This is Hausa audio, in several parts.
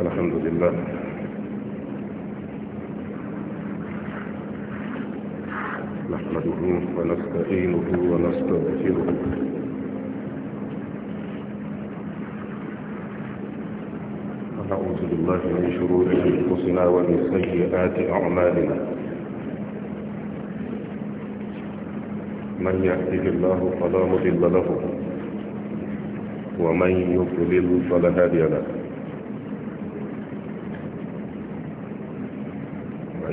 الحمد لله نحمده ونستعينه ونستغفره ونعوذ بالله من شرور انفسنا ومن سيئات اعمالنا من يهده الله فلا مضل له ومن يضلل فلا هادي له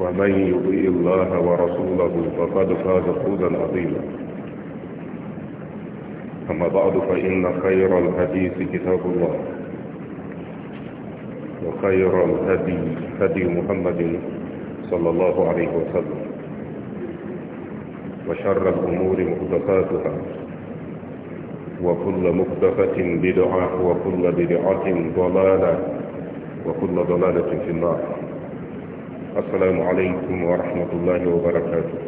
ومن يطيع الله ورسوله فقد فاز فوزا عظيما أما بعد فإن خير الحديث كتاب الله وخير الهدي هدي محمد صلى الله عليه وسلم وشر الأمور محدثاتها وكل محدثة بدعة وكل بدعة ضلالة وكل ضلالة في النار السلام عليكم ورحمة الله وبركاته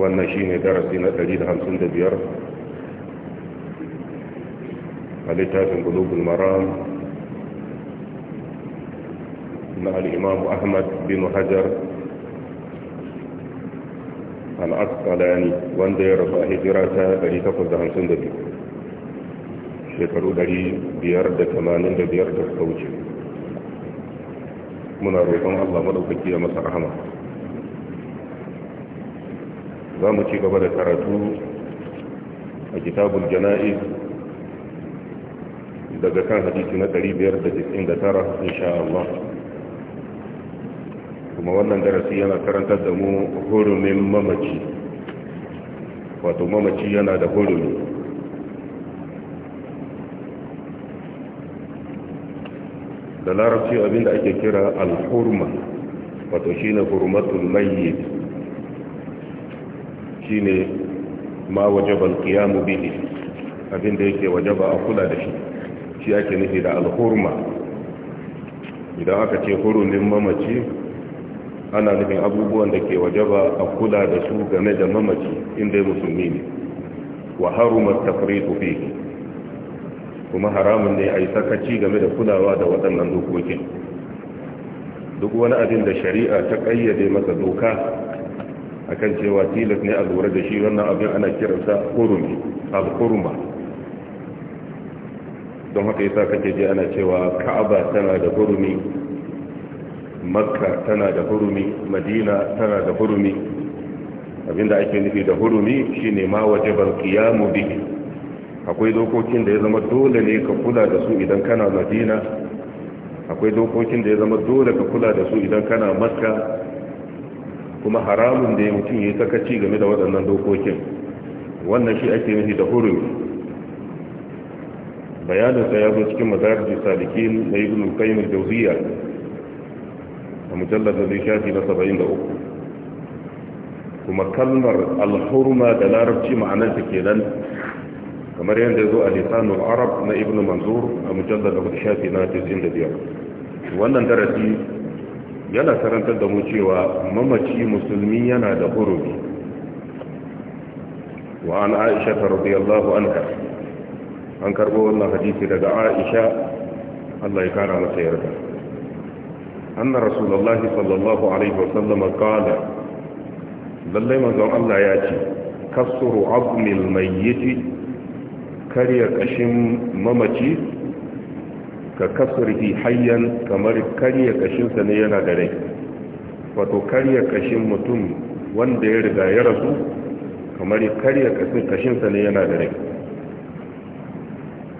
والنشين درسنا تجد هم سند بير في قلوب المرام مع الإمام أحمد بن حجر عن أسقلاني وان دير فاهي دراسة تجد تقضى هم سند بير شكرا لدي بيرد ثمانين بيرد فوجه muna roƙon Allah madaukaki ya masa rahama za mu ci gaba da karatu a kitabul jana'iz daga kan hadisi na 599 insha Allah kuma wannan darasi yana karantar da mu hurumin mamaci wato mamaci yana da hurumi da larabci abinda ake kira al-hurma wato shi ne hurmatul mayyit shi ne ma wajaban kiyamu bihi abinda yake wajaba a kula da shi shi ake nufi da al-hurma idan aka ce hurumin mamaci ana nufin abubuwan da ke wajaba a kula da su game da mamaci inda musulmi ne wa harumar tafri fihi kuma haramun ne a yi sakaci game da kulawa da waɗannan dokokin duk wani abin da shari'a ta ƙayyade masa doka akan cewa tilas ne a lura da shi wannan abin ana kiransa al-hurma don haka yasa kake je ana cewa ka'aba tana da hurumi makka tana da hurumi madina tana da hurumi abinda ake nufi da hurumi shine ma wajibar qiyamu bihi akwai dokokin da ya zama dole ne ka kula da su idan kana madina akwai dokokin da ya zama dole ka kula da su idan kana maska kuma haramun da ya mutum ya yi sakaci game da waɗannan dokokin wannan shi ake nufi da Bayanin bayaninsa ya zo cikin mazarji saliki na ibn qayyim jawziya a mujallar da zai shafi na 73 kuma kalmar alhurma da larabci ma'anarta kenan kamar yadda zo a lisanul arab na ibn manzur a mujallar da shafi na 95 wannan darasi yana karantar da mu cewa mamaci musulmi yana da hurumi wa an aisha ta radiyallahu anha an karbo wannan hadisi daga aisha Allah ya kara masa yarda anna rasulullahi sallallahu alaihi wasallam qala lallai manzon Allah ya ce kasru abnil mayyit karya kashin mamaci ka kasurhi hayyan kamar karya kashinsa ne yana da rai wato karya kashin mutum wanda ya riga ya rasu kamar karya kashinsa ne yana da rai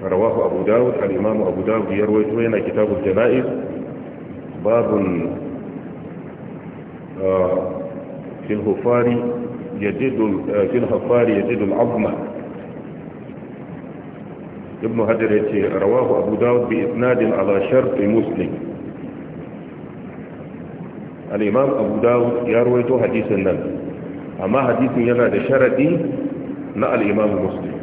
rawahu abu dawud al-imamu abu dawud ya rawaito yana kitabul jana'iz babun ah, fil hufari yajidul ah, fil hufari yajidul azma ibn hajar ya ce rawahu abu dawud bi isnadin ala sharti muslim al abu dawud ya ruwaito hadisin nan amma hadisin yana da sharaɗi na al muslim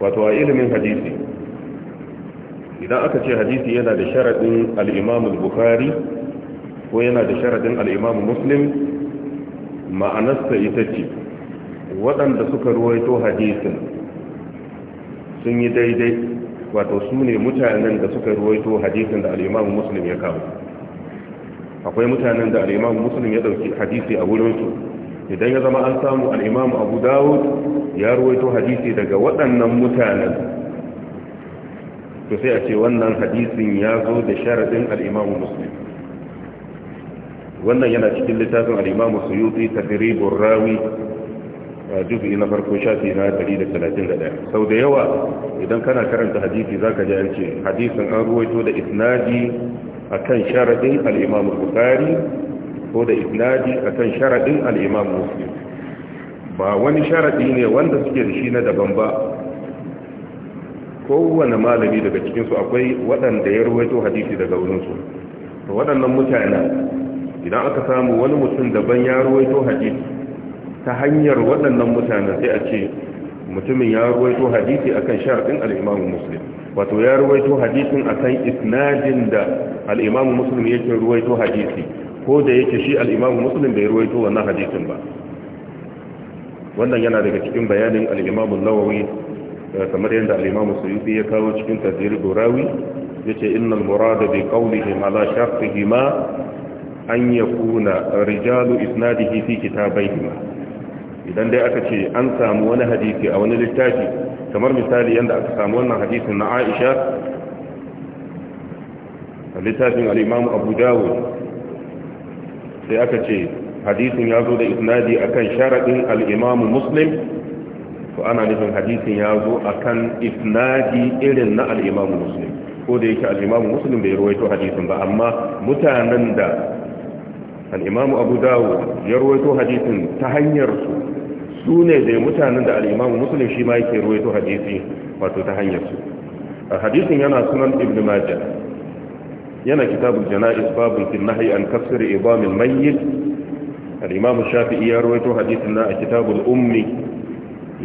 wato a ilimin hadisi idan aka ce hadisi yana da sharaɗin al-imam ko yana da sharaɗin al muslim ma'anasta ita ce waɗanda suka ruwaito hadisin sun yi daidai wato su ne mutanen da suka ruwaito hadisin da al'imam musulun ya kawo akwai mutanen da al'imam musulun ya dauki hadisi a wurinsu idan ya zama an samu al'imam abu dawud ya ruwaito hadisi daga waɗannan mutanen to sai a ce wannan hadisin ya zo da sharaɗin al'imam musulun. wannan yana cikin littafin al'imam suyuti tadribur rawi jufi na farko shafi na 131 sau da yawa idan kana karanta hadisi za ka ji an ce hadisin an ruwaito da isnadi a kan sharaɗin al'imamu bukari ko da isnadi a kan sharaɗin al'imamu muslim ba wani sharaɗi ne wanda suke da shi na daban ba kowane malami daga cikinsu akwai waɗanda ya ruwaito hadisi daga wurinsu waɗannan mutane idan aka samu wani mutum daban ya ruwaito hadisi ta hanyar waɗannan mutane sai a ce mutumin ya ruwaito hadisi akan sharadin al-Imam Muslim wato ya ruwaito hadisin akan isnadin da al-Imam Muslim yake ruwaito hadisi ko da yake shi al-Imam Muslim bai ruwaito wannan hadisin ba wannan yana daga cikin bayanin al-Imam an-Nawawi eh, kamar yadda al-Imam Suyuti ya kawo cikin Ya ce yace innal murada bi qawlihim ala shartihima an yakuna rijalu isnadihi fi kitabaihima idan dai aka ce an samu wani hadisi a wani littafi kamar misali yadda aka samu wannan hadisin na aisha a littafin al'imamu abu dawo sai aka ce hadisin ya zo da isnadi akan sharaɗin al'imamu muslim to ana nufin hadisin ya zo akan isnadi irin na al'imamu muslim ko da yake al'imamu muslim bai ruwaito hadisin ba amma mutanen da al'imamu abu dawo ya ruwaito hadisin ta hanyarsu su ne da mutanen da al'imamu musulun shi ma yake ruwaito hadisi wato ta hanyarsu hadisin yana sunan ibn majah yana kitabul jana'iz babun fil nahyi an kasr ibam al mayyit al-imam shafi'i ya rawaito hadithin na ummi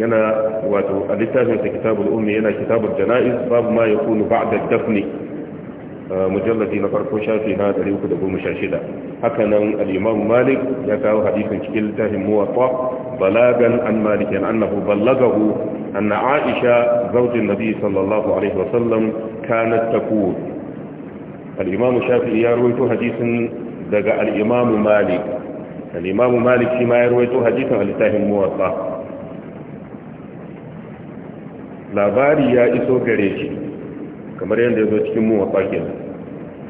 yana wato a littafin sa kitabul ummi yana kitabul jana'iz babu ma ya ba'da ad-dafni mujallati na farko shafi na 316 hakanan al-imam malik ya kawo hadisin cikin littafin muwatta balagan an malik an annahu ballagahu anna aisha zawjin nabi sallallahu alaihi wasallam kanat taqul al-imam shafi ya rawaito hadisin daga al-imam malik al-imam malik shi ma ya rawaito hadisin al-littafin muwatta labari ya iso gare shi kamar yadda ya zo cikin mu a kenan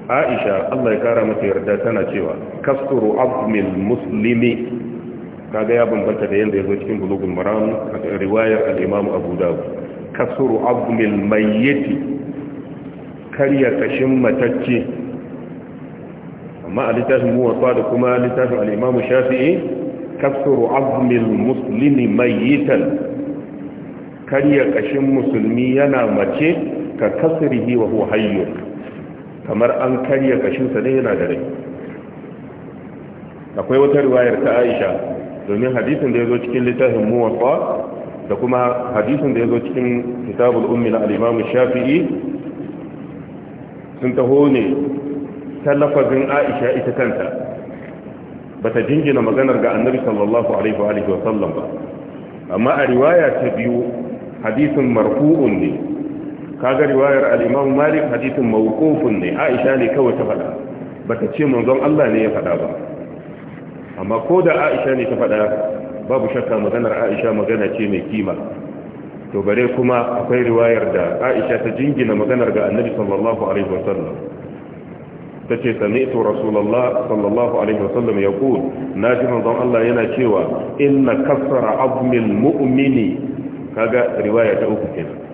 aisha Allah ya kara mata yarda tana cewa kasturu abmil muslimi kaga ya bambanta da yadda ya zo cikin bulugul maram a riwayar al-imam abu dawud kasturu abmil mayyiti karya kashin matacce amma a littafin muwafa da kuma littafin al-imam shafi'i kasturu abmil muslimi mayyitan karya kashin musulmi yana mace ka kasrihi wa huwa hayy kamar an karya kashin sa ne yana da rai akwai wata riwayar ta Aisha domin hadisin da yazo cikin littafin muwatta da kuma hadisin da yazo cikin kitabul ummi na al-imam shafi'i sun taho ne ta lafazin Aisha ita kanta bata jingina maganar ga annabi sallallahu alaihi wa alihi wa sallam ba amma a riwaya ta biyu hadisin marfu'un ne kaga riwayar al-Imam Malik hadithin mawqufun ne Aisha ne kawai ta faɗa bata ce manzon Allah ne ya faɗa ba amma ko da Aisha ne ta faɗa babu shakka maganar Aisha magana ce mai kima to bare kuma akwai riwayar da Aisha ta jingina maganar ga Annabi sallallahu alaihi wasallam tace sami'tu rasulullah sallallahu alaihi wasallam yaqul naji manzon Allah yana cewa inna kasra azmil mu'mini kaga riwaya ta uku kenan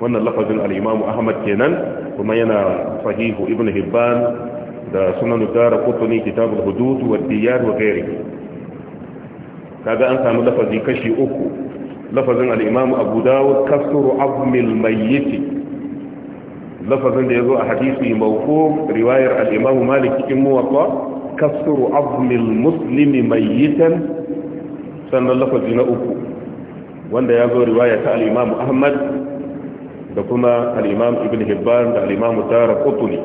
wannan lafazin al'imamu ahmad kenan kuma yana fahihu ibn hibban da sunan dara kutuni kitabul hudud wa diyar wa ghairihi kaga an samu lafazi kashi uku lafazin al-imamu abu dawud kasru azmil mayyit lafazin da yazo a hadisi mawqu riwayar al'imamu imamu malik cikin muwatta kasru azmil muslimi mayyitan sannan lafazi na uku wanda zo riwaya ta al'imamu ahmad da kuma alimam ibn hibban da al-imam darqutni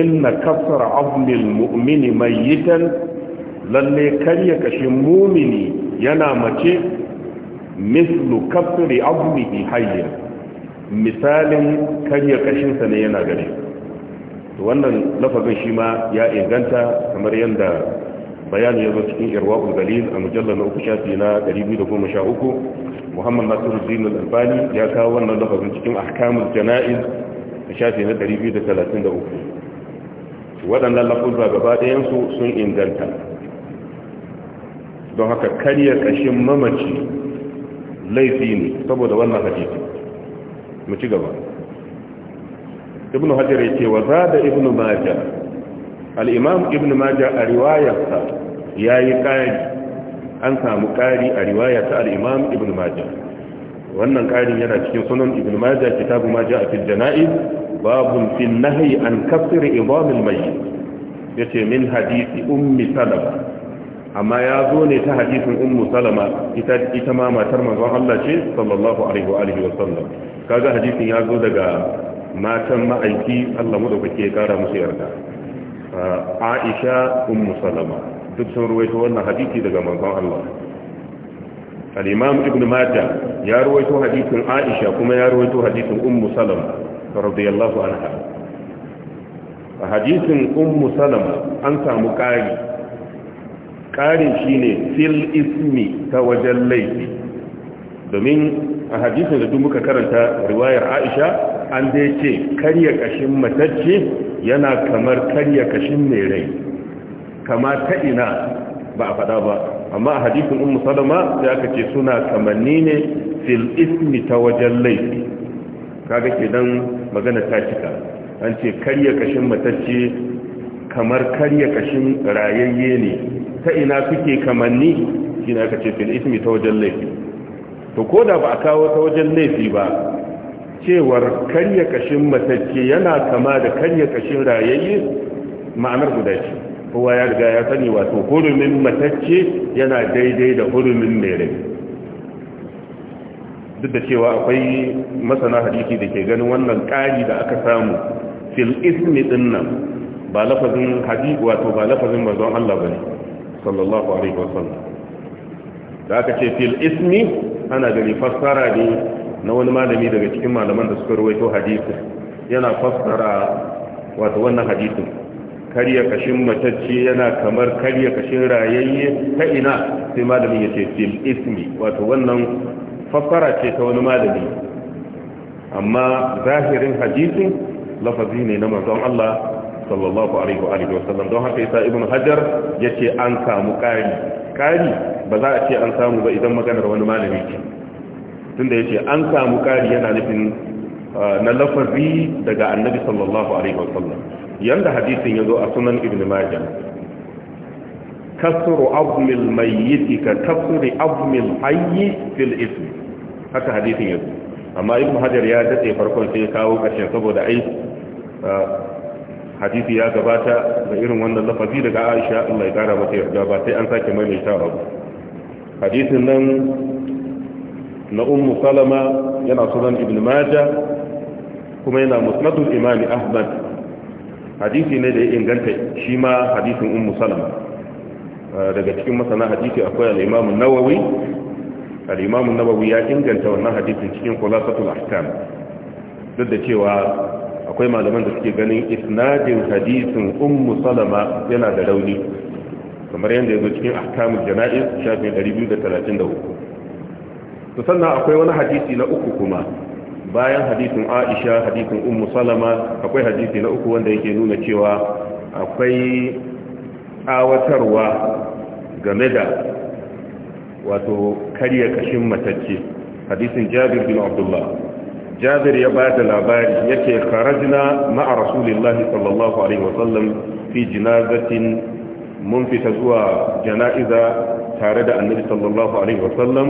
inna kafar azmil mu'mini yitan lalle karya kashin mumini yana mace mislu kasri azmihi hayya misalin karya kashin ne yana gare wannan lafazin shi ma ya inganta kamar yadda bayani ya zo cikin irwa'ul galil a mujallar na uku shafi na 213 muhammad nasiru al albani ya kawo wannan lafazin cikin ahkamul jana'iz a shafi na 233 waɗannan lafuzza gaba ɗayansu sun inganta don haka karya ƙashin mamaci laifi ne saboda wannan hadisi mu ci gaba ibn hajar ya ce wa za da ibn maja al'imam ibn maja a riwayarsa ya yi ƙari an samu ƙari a riwaya ta al-imam ibn majah wannan ƙarin yana cikin sunan ibn majah kitabu majah fil janaiz babun fil nahyi an kasr idam al-mayyit yace min hadisi ummi salama amma ya zo ne ta hadisin ummu salama ita ita ma matar manzon Allah ce sallallahu alaihi wa alihi wa sallam kaga hadisin ya zo daga matan ma'aiki Allah mu da kake kara musu yarda Aisha ummu salama duk sun ruwaito wannan hadisi daga manzon Allah al-imam ibn majah ya ruwaito hadisin aisha kuma ya ruwaito hadisin ummu salama radiyallahu anha a hadisin ummu salama an samu kari karin shine fil ismi ta wajen laifi domin a hadisin da duk muka karanta riwayar aisha an dai ce karya kashin matacce yana kamar karya kashin mai rai kama ta ina ba a faɗa ba amma a hadisin ummu salama sai aka ce suna kamanni ne fil ismi ta wajen laifi kaga dan magana ta cika an ce karya kashin matacce kamar karya kashin rayayye ne ta ina kuke kamanni shine aka ce fil ismi ta wajen laifi to ko da ba a kawo ta wajen laifi ba cewar karya kashin matacce yana kama da karya kashin rayayye ma'anar guda ce kowa ya riga ya sani wato hurumin matacce yana daidai da hurumin mai rai duk da cewa akwai masana hadisi da ke ganin wannan ƙari da aka samu fil ismi din nan ba lafazin hadisi wato ba lafazin manzon Allah bane sallallahu alaihi wasallam da aka ce fil ismi ana gani fassara ne na wani malami daga cikin malaman da suka rawaito hadisi yana fassara wato wannan hadisin karya kashin matacce yana kamar karya kashin rayayye ta ina sai malamin ya ce fil ismi wato wannan fassara ce ta wani malami amma zahirin hadisin lafazi ne na manzon Allah sallallahu alaihi wa alihi don haka isa ibn hajar yace an samu kari kari ba za a ce an samu ba idan maganar wani malami ce tunda yace an samu kari yana nufin na lafazi daga annabi sallallahu alaihi wasallam yanda hadisin yazo a sunan ibn majah kasru abmil mayyit ka kasri abmil hayy fil ism haka hadisin yazo amma ibn hajar ya dace farkon sai ya kawo karshen saboda ai hadisi ya gabata da irin wannan lafazi daga Aisha Allah ya kara mata yarda ba sai an sake maimaitawa ba hadisin nan na ummu salama yana sunan ibn majah kuma yana musnadul imami ahmad hadisi ne da ya inganta shi ma hadisin ummu salama ah, daga cikin masana hadisi akwai al-imamu nawawi al-imamu nawawi ya inganta wannan hadisin cikin khulasatul ahkam duk da cewa akwai malaman da suke ganin isnadin hadisin ummu salama yana da rauni kamar yadda ya zo cikin ahkamul jana'iz shafin 233 to sannan akwai wani hadisi na uku kuma bayan hadisin aisha hadisin ummu salama akwai hadisi na uku wanda yake nuna cewa akwai awatarwa game da wato karya kashin matacce hadisin jabir bin abdullah jabir ya ba da labari yake kharajna ma'a rasulillahi sallallahu alaihi wasallam fi jinazatin mun fita zuwa jana'iza tare da annabi sallallahu alaihi wasallam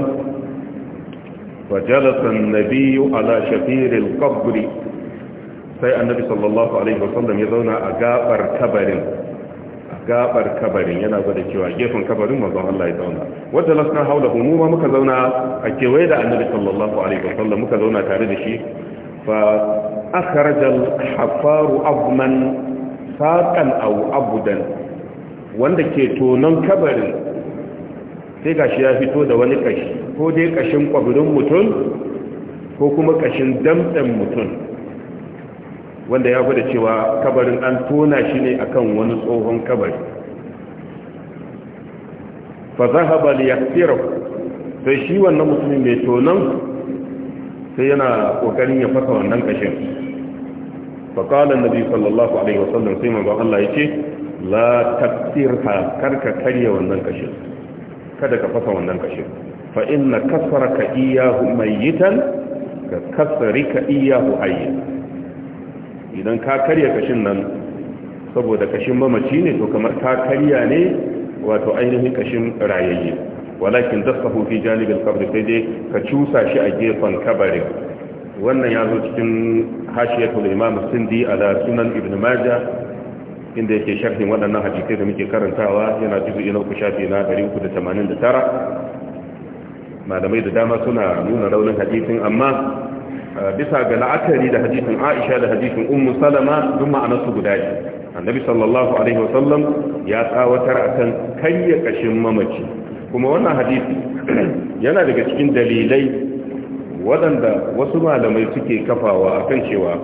فجلس النبي على شفير القبر sai annabi sallallahu alaihi wasallam ya zauna a gabar kabarin a gabar kabarin yana gwada cewa gefen kabarin mazan Allah ya zauna wadda lasna haula mu ma muka zauna a kewaye da annabi sallallahu alaihi wasallam muka zauna tare da shi fa akhraja al-hafaru abudan wanda ke tonon kabarin sai gashi ya fito da wani kashi ko dai kashin kwabirin mutum ko kuma kashin damtsen mutum wanda ya gwada cewa kabarin an tona shi ne akan wani tsohon kabari fa zahaba liyaktirahu sai shi wannan mutumin mai tonon sai yana kokarin ya fasa wannan kashin fa qala annabi sallallahu alaihi wasallam sai manzo Allah yace la taktirha karka karya wannan kashin kada ka fasa wannan kashin fa inna kasaraka iyahu mayitan ka kasarika iyahu hayyan idan ka karya kashin nan saboda kashin mamaci ne to kamar ka karya ne wato ainihin kashin rayayye walakin dasahu fi janibin kabri sai dai ka cusa shi a gefen kabarin wannan ya zo cikin hashiyatul imam sindi ala sunan ibn majah inda yake sharhin waɗannan hadisai da muke karantawa yana jizu ina ku shafi na 389 malamai da dama suna nuna raunin hadisin amma bisa ga la'akari da hadisin Aisha da hadisin Ummu Salama duk su guda ce Annabi sallallahu alaihi wasallam ya tsawatar akan kayya kashin mamaci kuma wannan hadisi yana daga cikin dalilai waɗanda wasu malamai suke kafawa akan cewa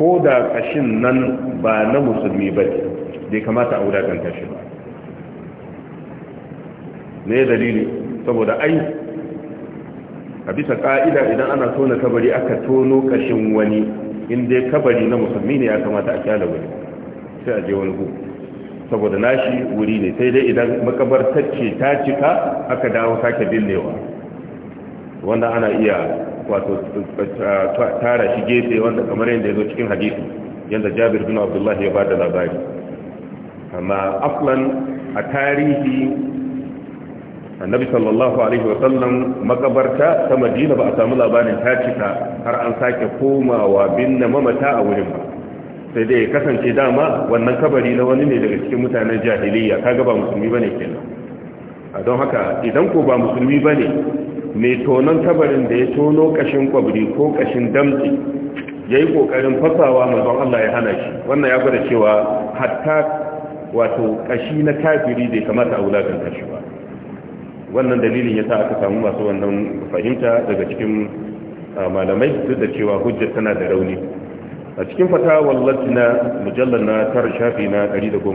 ko da kashin nan ba na musulmi ba ne bai kamata a wulaƙanta shi ba ne dalili saboda ai a bisa ƙa'ida idan ana tona kabari aka tono kashin wani inda kabari na musulmi ne ya kamata a kyala wani sai a je wani hukum saboda nashi wuri ne sai dai idan makabartar ce ta cika aka dawo sake binnewa wanda ana iya wato tara shi gefe wanda kamar yadda ya zo cikin hadisi yadda jabir bin abdullahi ya ba da labari amma aflan a tarihi annabi sallallahu alaihi wa sallam makabarta ta madina ba a samu labarin ta cika har an sake komawa binne mamata a wurin ba sai dai kasance dama wannan kabari na wani ne daga cikin mutanen jahiliya kaga ba musulmi bane kenan don haka idan ko ba musulmi bane mai tonon kabarin da ya tono kashin kwabri ko kashin damti ya yi ƙoƙarin fasawa manzon Allah ya hana shi wannan ya gwada cewa hatta wato kashi na kafiri ya kamata a wulatar kashi ba wannan dalilin ya sa aka samu masu wannan fahimta daga cikin ah, malamai duk da cewa hujjar tana da rauni a cikin fatawar latina mujallar na tara shafi na 119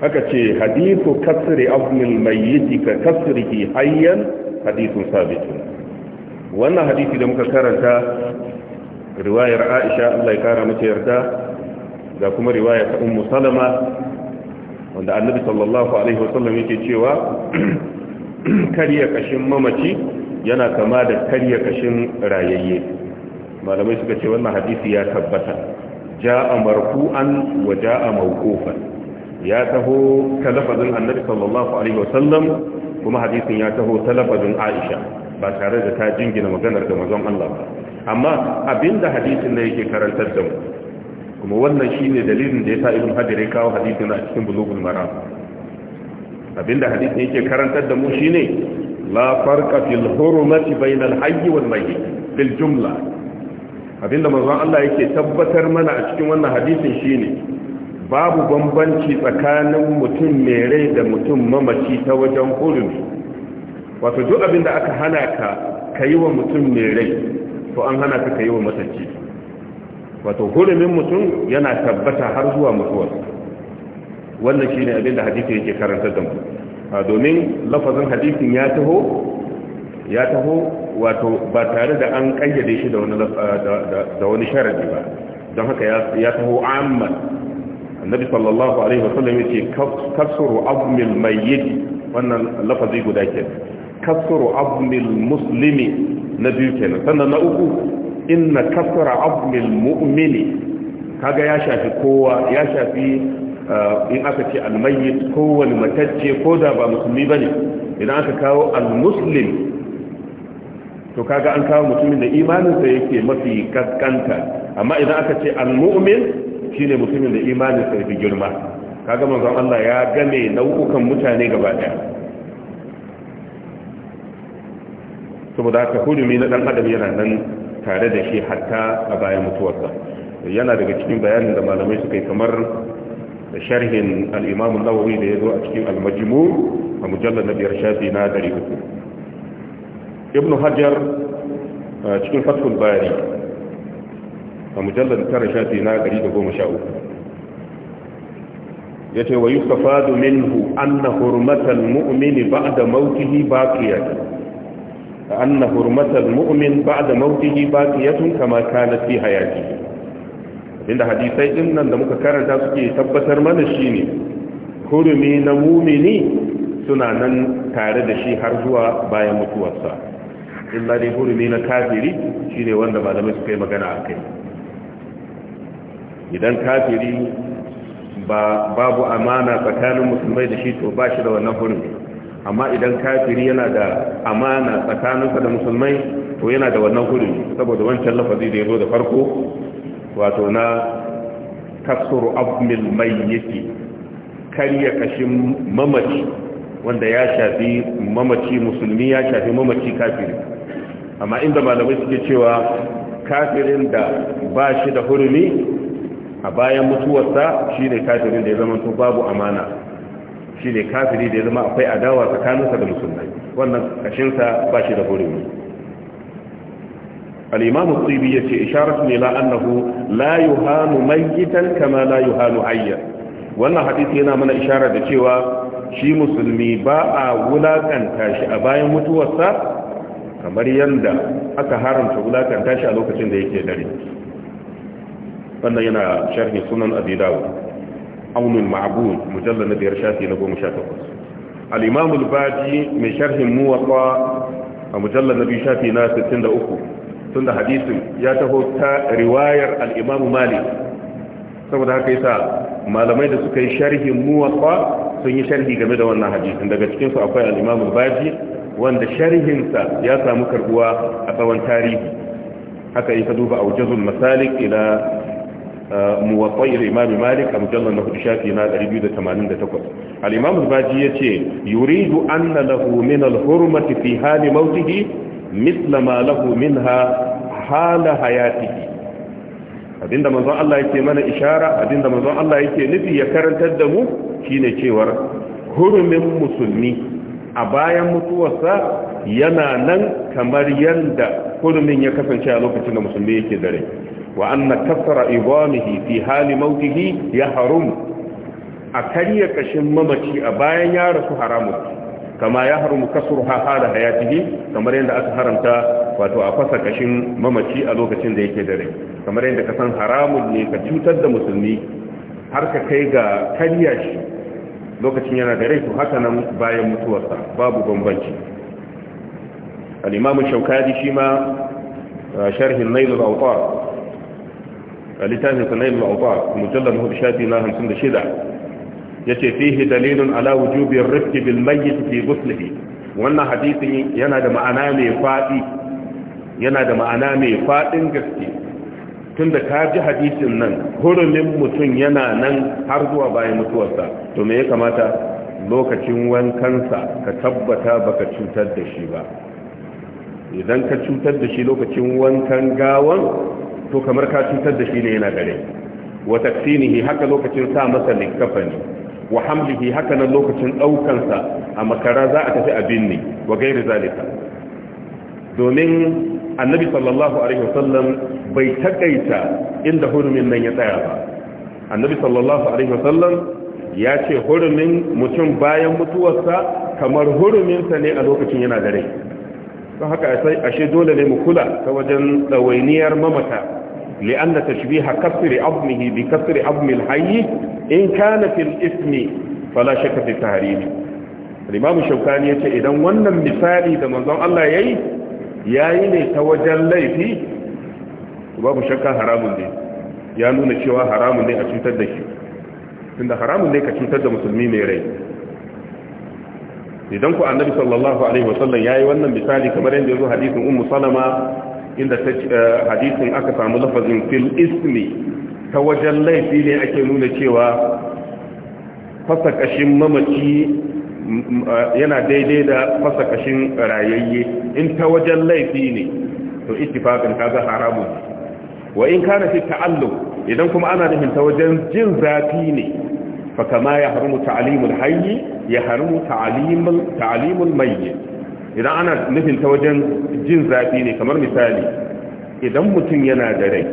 haka ce hadithu kasri abnil mayyit ka kasrihi hayyan hadithun sabitun wannan hadisi da muka karanta riwayar Aisha Allah ya kara mata yarda da kuma riwayar Ummu Salama wanda Annabi sallallahu alaihi wasallam yake cewa kariya kashin mamaci yana kama da kariya kashin rayayye malamai suka ce wannan hadisi ya tabbata ja'a marfu'an wa ja'a mawqufan ya taho ta lafazin annabi sallallahu alaihi wasallam kuma hadisin ya taho ta lafazin aisha ba tare da ta jingina maganar da mazan Allah ba amma abinda hadisin da yake karantar da mu kuma wannan shine dalilin da yasa ibn hajar ya kawo hadisin a cikin bulugul maram abinda hadisin yake karantar da mu shine la farqa fil hurmati bainal hayy wal mayyit bil jumla abinda manzon Allah yake tabbatar mana a cikin wannan hadisin shine babu bambanci tsakanin mutum mai rai da mutum mamaci ta wajen hurumi wato duk abin da aka hana ka ka yi wa mutum mai rai to an hana ka ka yi wa matacci wato hurumin mutum yana tabbata har zuwa mutuwar wannan shi ne abin da hadithi yake karanta da mu domin lafazin hadisin ya taho ya taho wato ba tare da an kayyade shi da wani sharadi ba don haka ya taho amman annabi sallallahu alaihi wasallam yace kasru abmil mayyit wannan lafazi guda ke kasru abmil muslimi na biyu kenan sannan na uku inna kasra abmil mu'mini kaga ya shafi kowa ya shafi eh, in aka ce almayyit kowane matacce ko da ba musulmi bane idan aka kawo muslim to kaga an kawo mutumin da imanin sa yake mafi kaskanta amma idan aka ce almu'min Shi shine mutumin da imanin sa fi girma kaga manzon Allah ya game nau'ukan mutane gaba daya saboda haka hudumi na dan adam yana nan tare da shi hatta a bayan mutuwarsa yana daga cikin bayanin da malamai suka yi kamar da sharhin al-Imam an-Nawawi da yazo a cikin al a mujallar na biyar shafi na 300 Ibn Hajar cikin Fathul Bari a mujallar tara shafi na ɗari da goma sha uku ya ce wa yi kafadu minhu an na hurmatar mu'mini ba da mautihi ba kiyatu an na hurmatar mu'min ba da mautihi ba kiyatun kama kana fi hayaki inda hadisai ɗin nan da muka karanta suke tabbatar mana shi ne. hurumi na mumini suna nan tare da shi har zuwa bayan mutuwarsa illa dai hurumi na kafiri shine wanda malamai su kai magana a kai idan kafiri ba babu amana tsakanin musulmai da shi to ba shi da wannan hurumi amma idan kafiri yana da amana tsakaninsa da musulmai to yana da wannan hurumi saboda wancan lafazi da ya da farko wato na kasuru abmil mayyiti karya kashin mamaci wanda ya shafi mamaci musulmi ya shafi mamaci kafiri amma inda malamai suke cewa kafirin da ba shi da hurumi a bayan mutuwarsa shi ne kafirin da ya zama to babu amana shi ne kafiri da ya zama akwai adawa tsakaninsa da musulmai wannan kashinsa ba shi da hurumi al'imamu tsibi ya ce isharar ne la'annahu la yuhanu maikitan kama la yuhanu hayyar wannan hadisi yana mana ishara da cewa shi musulmi ba a wulakanta shi a bayan mutuwarsa kamar yadda aka haramta wulakanta shi a lokacin da yake dare wannan yana sharhin sunan abi dawud aunul mujallar na biyar shafi na goma sha takwas al baji mai sharhin muwatta a mujallar na biyu shafi na 63 da hadisin ya taho ta riwayar al'imamu imam malik saboda haka yasa malamai da suka yi sharhin muwatta sun yi sharhi game da wannan hadisin daga cikinsu akwai al baji wanda sharhinsa ya samu karbuwa a tsawon tarihi haka yi ka duba aujazul masalik ila muwatsai da imam malik a mujallar na hudu shafi na 288 al-imam al-baji yace yuridu anna lahu min al fi hali mautihi mithla ma lahu minha hala hayatihi abinda manzon Allah yake mana ishara abinda manzon Allah yake nufi ya karantar da mu shine cewar hurumin musulmi a bayan mutuwarsa yana nan kamar yadda hurumin ya kasance a lokacin da musulmi yake dare wa anna kasra idamihi fi hali mautihi ya harum a karya kashin mamaci a bayan ya rasu haramun kama ya harumu kasru ha hala hayatihi kamar yadda aka haramta wato a fasa kashin mamaci a lokacin da yake da rai. kamar yadda ka san haramun ne ka cutar da musulmi har ka kai ga karya shi lokacin yana da rai to haka nan bayan mutuwarsa babu bambanci al-imam shaukadi shima ma sharhin nailul awtar a littafin sanayin ma'ufa mujallar hudu shafi na hamsin da shida ya ce fihi dalilin ala wujubin rifki bil mayyit fi guslihi wannan hadisin yana da ma'ana mai faɗi yana da ma'ana mai faɗin gaske tunda ka ji hadisin nan hurumin mutum yana nan har zuwa bayan mutuwarsa to me ya kamata lokacin wankansa ka tabbata baka cutar da shi ba idan ka cutar da shi lokacin wankan gawan to kamar ka cutar da shi ne yana gare wa taksinihi haka lokacin sa masa likafani wa hamlihi haka nan lokacin ɗaukansa a makara za a tafi abin ne wa gairi zalika domin annabi sallallahu alaihi wasallam bai takaita inda hurumin nan ya tsaya ba annabi sallallahu alaihi wasallam ya ce hurumin mutum bayan mutuwarsa kamar huruminsa ne a lokacin yana da rai haka ashe dole ne mu kula ta wajen ɗawainiyar mamata لأن تشبيه كسر عظمه بكسر عظم الحي إن كان الإثم فلا شك في التحريم الإمام الشوكاني يقول إذا وانا مثالي إذا منظر الله يأي يأيني توجل لي في babu shakka haramun ne ya nuna cewa haramun ne a cutar da shi tunda haramun ne ka cutar da musulmi mai rai idan ku annabi sallallahu alaihi wasallam yayi wannan misali kamar yadda yazo hadisin ummu salama inda eh, hadisin aka samu lafazin fil ismi ta wajen laifi ne ake nuna cewa fasa kashin mamaci eh, yana daidai da fasa kashin rayayye in ta wajen laifi ne to ittifaqan kaga haramun wa in kana fi ta'alluq idan kuma ana nufin ta wajen jin zafi ne fa kama ya haramu ta'limul hayy ya haramu ta'limul ta'limul mayyit idan ana nufin ta wajen jin zafi ne kamar misali idan mutum yana da rai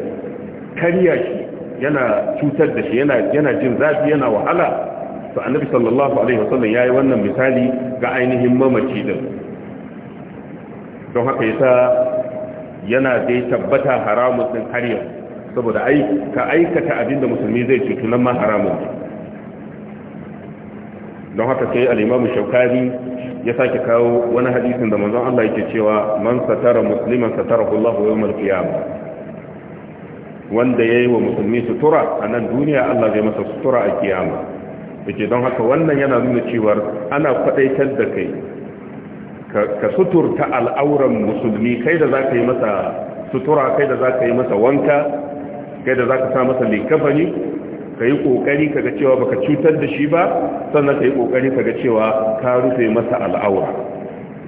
karya shi yana cutar da shi yana jin zafi yana wahala to annabi sallallahu alaihi wasallam yayi wannan misali ga ainihin mamaci din don haka yasa yana dai tabbata haramun din kariya saboda ai ka aikata abinda musulmi zai cutu nan ma haramun don haka sai al-imam shaukani ya sake kawo wani hadisin da manzon Allah yake cewa man satara musliman satarahu Allah yawmal qiyamah wanda yayi wa musulmi sutura a nan duniya Allah zai masa sutura a kiyama ke don haka wannan yana nuna cewa ana kwadaitar da kai ka suturta al'auran musulmi kai da ka yi masa sutura kai da ka yi masa wanka kai da zaka sa masa likafani ka yi ƙoƙari kaga cewa baka cutar da shi ba sannan ka yi ƙoƙari kaga cewa ka rufe masa al'aura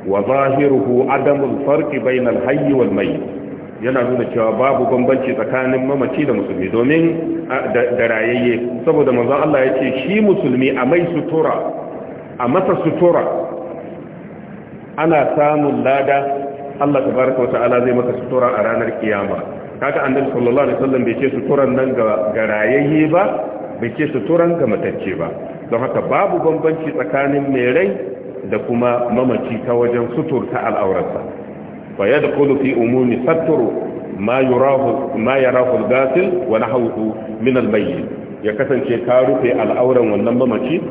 wa zahiruhu adamul farqi bainal mai wal mayyit yana nuna cewa babu bambanci tsakanin mamaci da musulmi domin da rayayye saboda manzon Allah ya ce shi musulmi a mai sutura a masa sutura ana samun lada Allah tabaraka wa ta'ala zai maka sutura a ranar kiyama kaga annabi sallallahu alaihi wasallam bai ce suturan nan ga garayayye ba bai ce suturan ga matacce ba don haka babu bambanci tsakanin mai rai da kuma mamaci ta wajen suturta al'aurarsa fa yadkhulu fi umumi satru ma yurahu ma yarahu al-ghafil wa nahawhu min al-bayyin ya kasance ka rufe al'auran wannan mamaci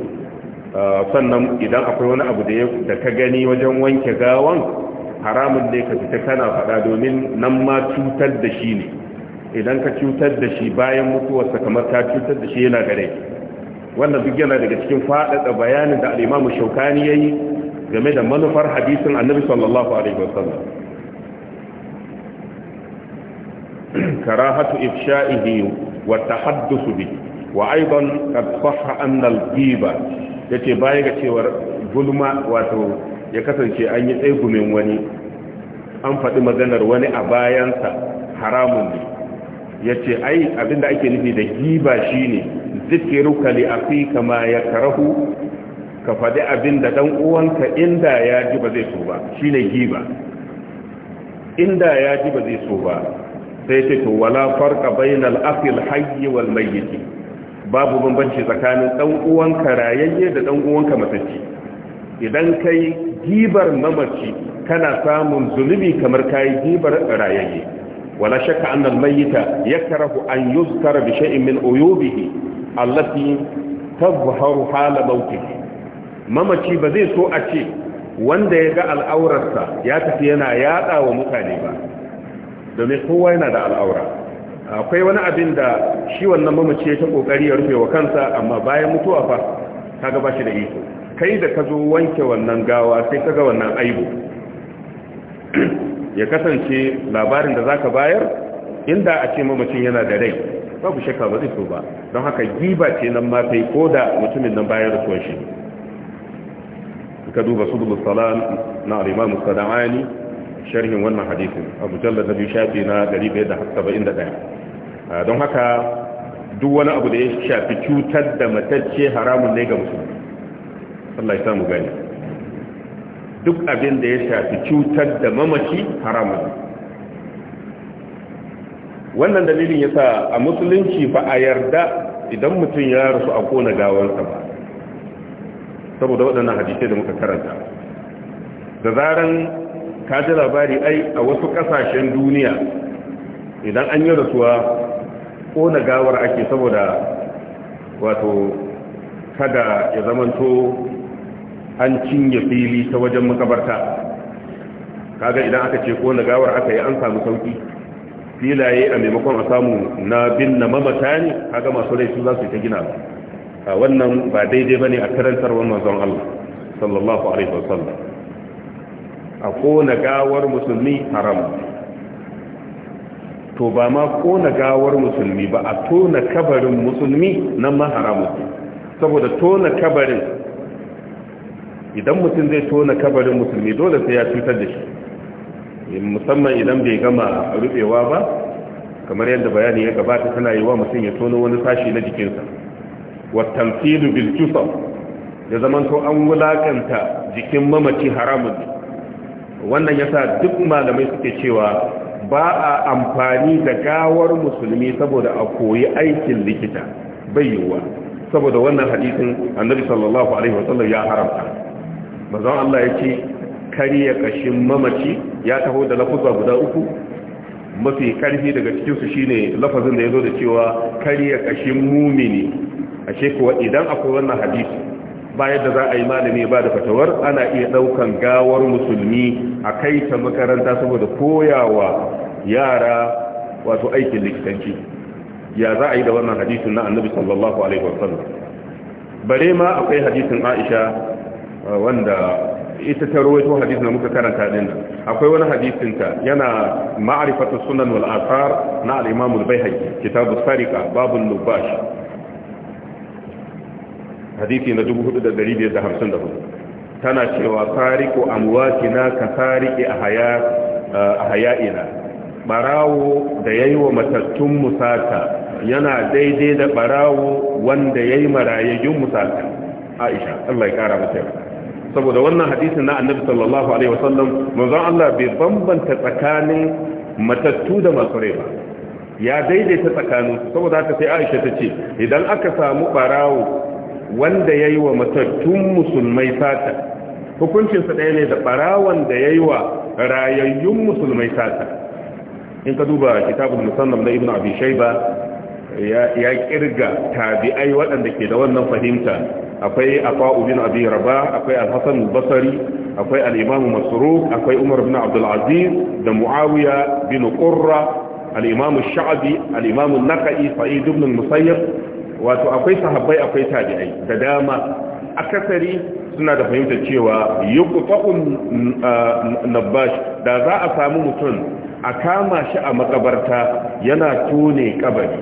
ah, sannan idan akwai wani abu da ka gani wajen wanke gawan haramun ne ka fita kana faɗa domin nan ma cutar da shi ne idan ka cutar da shi bayan mutuwarsa kamar ka cutar da shi yana gare wannan duk yana daga cikin faɗaɗa bayanin da al'imamu shaukani ya yi game da manufar hadisin annabi sallallahu alaihi wasallam karahatu ifsha'ihi wa tahaddusu bi wa aidan qad sahha anna al-ghiba yace baya ga cewar gulma wato ya kasance an yi tsegumin wani an faɗi maganar wani a bayansa haramun ne ya ce ai abinda ake nufi da giba zikiru kali li kama ya karahu ka faɗi abinda ɗan uwanka inda ya ji ba zai so ba shi ne giba inda ya ji ba zai so ba sai ce to wala farka bainal afil hayy wal babu bambanci tsakanin ɗan uwanka rayayye da ɗan uwanka matacci idan kai gibar mamaci kana samun zunubi kamar kai gibar rayayye wala shakka annal mayyita yakrahu an yuzkara bi shay'in min uyubihi allati tazharu hala mawtihi mamaci ba zai so a ce wanda ya ga al'aurarsa ya tafi yana yada wa mutane ba domin kowa yana da al'aura akwai wani abin da shi wannan mamaci ya ta kokari ya rufe wa kansa amma bayan mutuwa fa kaga ba shi da iko kai da ka zo wanke wannan gawa sai ka ga wannan aibu ya kasance labarin da zaka bayar inda a ce mamacin yana da rai babu shaka ba zai so ba don haka giba ce nan ma kai ko da mutumin nan da tuwon shi ka duba sudu musala na al-imam sada'ani sharhin wannan hadisin abu jalla da biyu shafi na 1571 don haka duk wani abu da ya shafi cutar da matacce haramun ne ga musulmi Allah ya samu gani duk abin da ya shafi cutar da mamaci haramun wannan dalilin yasa a musulunci ba a yarda idan mutum ya rasu a kona gawarsa ba saboda waɗannan hadisai da muka karanta da zaran ka ji labari ai a wasu ƙasashen duniya idan an yi rasuwa kona gawar ake saboda wato kada ya zamanto an cinye fili ta wajen makabarta kaga idan aka ce kona gawar aka yi an samu sauki filaye a maimakon a samu na bin mamata ne kaga masu rai su za su ta gina a wannan ba daidai ba ne a karantar wannan zan Allah sallallahu alaihi wasallam a kona gawar musulmi haram to ba ma kona gawar musulmi ba a tona kabarin musulmi nan ma haramu saboda tona kabarin idan mutum zai tona kabarin musulmi dole sai ya cutar da shi musamman idan bai gama rubewa ba kamar yadda bayani ya gabata tana yi wa mutum ya tona wani sashi na jikinsa wattamfilu bil jufa da zaman to an wulakanta jikin mamaci haramun wannan yasa duk malamai suke cewa ba a amfani da gawar musulmi saboda a koyi aikin likita bai yiwuwa saboda wannan hadisin annabi sallallahu alaihi wasallam ya haramta manzon Allah ya ce kariya kashin mamaci ya taho da lafuzwa guda uku mafi karfi daga cikinsu shine lafazin da ya zo da cewa kariya kashin mumini ashe kuwa idan akwai wannan hadisi bayan da za a yi malami ba da fatawar ana iya daukan gawar musulmi a kai ta makaranta saboda koyawa yara wato aikin likitanci ya za a yi da wannan hadisin na annabi sallallahu alaihi wasallam bare ma akwai hadisin aisha wanda ita ta rawaito hadisi da muka karanta din akwai wani hadisin ta yana ma'rifatu sunan wal athar na al-imam al-baihaqi kitab as-sariqa bab an-nubash hadisi na 4554 tana cewa sariqu amwatina ka sariqi ahaya ahayaina barawo da yayi wa matattun musata yana daidai da barawo wanda yayi marayayyun musata Aisha Allah ya kara mata saboda wannan hadisin na annabi sallallahu alaihi wasallam manzon Allah bai bambanta tsakanin matattu da masu rai ba ya daidaita tsakanin saboda haka sai Aisha ta ce idan aka samu barawo wanda yayi wa matattun musulmai sata hukuncin sa ɗaya ne da barawon da yayi wa rayayyun musulmai sata in ka duba kitabul musannaf na ibnu abi shayba ya kirga tabi'ai waɗanda ke da wannan fahimta akwai afa'u bin abi raba akwai alhassan hasan akwai al-imam akwai umar bin abdul da muawiya bin qurra al-imam ash-sha'bi al naqi sa'id ibn musayyib wato akwai sahabbai akwai tabi'ai da dama akasari suna da fahimtar cewa yuqta'un nabash da za a samu mutum a kama shi a makabarta yana tone kabari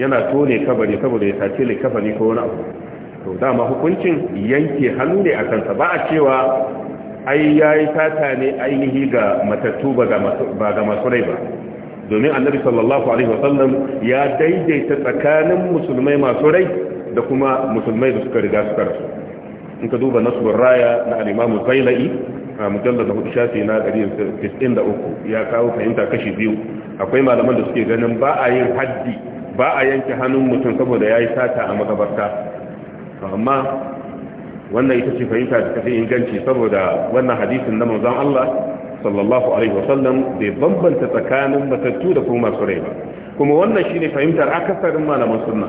yana tone kabari saboda ya sace likafani ko wani abu to dama hukuncin yanke hannu ne a kansa ba a cewa ai ya yi sata ne ainihi ga matattu ba ga masu rai ba domin annabi sallallahu alaihi wasallam ya daidaita tsakanin musulmai masu rai da kuma musulmai da suka riga suka rasu in ka duba nasu raya na alimamu zailai a mujallar da hudu shafi na 193 ya kawo fahimta kashi biyu akwai malaman da suke ganin ba a yin haddi ba a yanke hannun mutum saboda ya yi sata a makabarta amma wannan ita ce fahimta da inganci saboda wannan hadisin na manzon Allah sallallahu alaihi wasallam bai bambanta tsakanin matattu da kuma masu rai ba kuma wannan shine fahimtar akasarin malaman sunna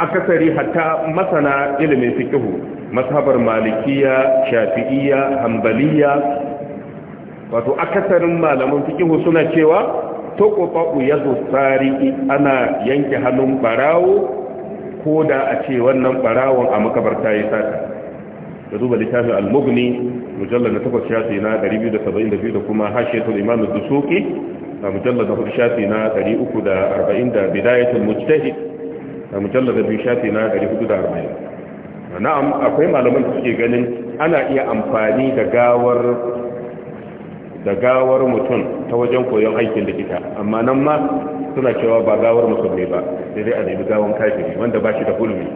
akasari hatta masana ilimin fiqh mazhabar malikiya shafi'iyya hanbaliya wato akasarin malaman fiqh suna cewa to qafa'u yadu tsari ana yanke hannun barawo ko da a ce wannan barawon a makabarta ya sata da duba littafin al-mughni mujallal na 8 shafi na 272 da kuma hashiyatul imam ad-dusuqi Da mujallal na 4 shafi na 340 da bidayatul mujtahid da mujallal na 2 shafi na 440 na'am akwai malaman da suke ganin ana iya amfani da gawar da gawar mutum ta wajen koyon aikin likita amma nan ma suna cewa ba gawar musulmi ba sai dai a nemi gawan kafiri wanda ba shi da hulumi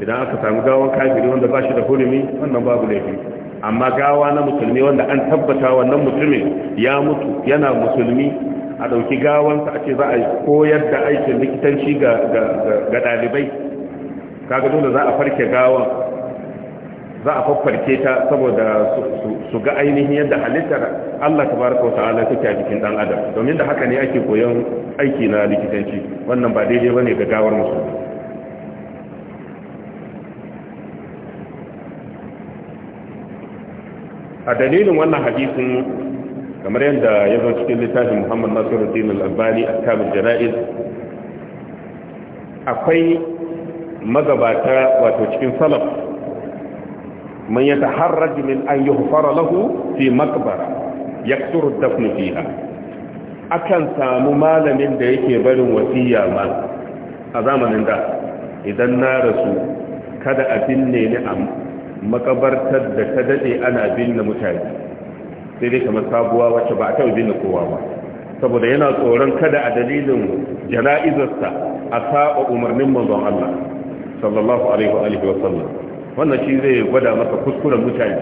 idan aka samu gawan kafiri wanda ba shi da hulumi wannan babu laifi amma gawa na musulmi wanda an tabbata wannan mutumin ya mutu yana musulmi a ɗauki gawansa a ce za a koyar da aikin likitanci ga ɗalibai kaga dole za a farke gawan za a kwakwarke ta saboda su ga ainihin yadda halittar Allah ta tabaraka ala take a jikin dan adam domin da haka ne ake koyon aiki na likitanci wannan ba daidai ne ga gawar musu. a dalilin wannan hadisin kamar yadda ya zo cikin littafin Muhammad Nasiruddin Al-Albani Ahkamul Jana'iz akwai magabata wato cikin salaf ta yataharraj min an yughfara lahu fi maqbara yakturu dafn fiha akan samu malamin da yake barin wasiya ma a zamanin da idan na rasu kada a binne ni a makabartar da ta dade ana binne mutane sai dai kamar sabuwa wacce ba a taɓa binne kowa ba saboda yana tsoron kada a dalilin jana'izarsa a saba umarnin manzon Allah sallallahu alaihi wa wa sallam wannan shi zai gwada maka kuskuren mutane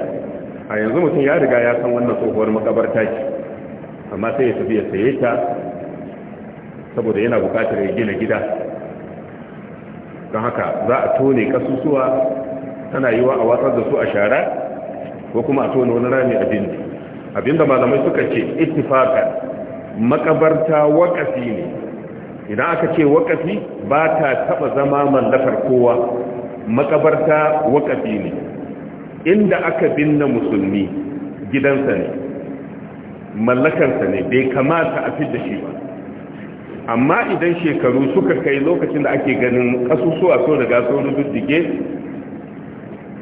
a yanzu mutum ya riga ya san wannan tsohuwar makabarta ce amma sai ya tafi ya saye ta saboda yana bukatar ya gina gida don haka za a tone kasusuwa tana yi wa a watsar da su a shara ko kuma a tone wani rami a abinda malamai suka ce ittifaqan makabarta wakafi ne idan aka ce wakafi ba ta taba zama mallakar kowa makabarta wakafi ne inda aka binne musulmi gidansa ne mallakansa ne bai kamata a fi da shi ba amma idan shekaru suka kai lokacin da ake ganin kasusuwa so daga so rududdige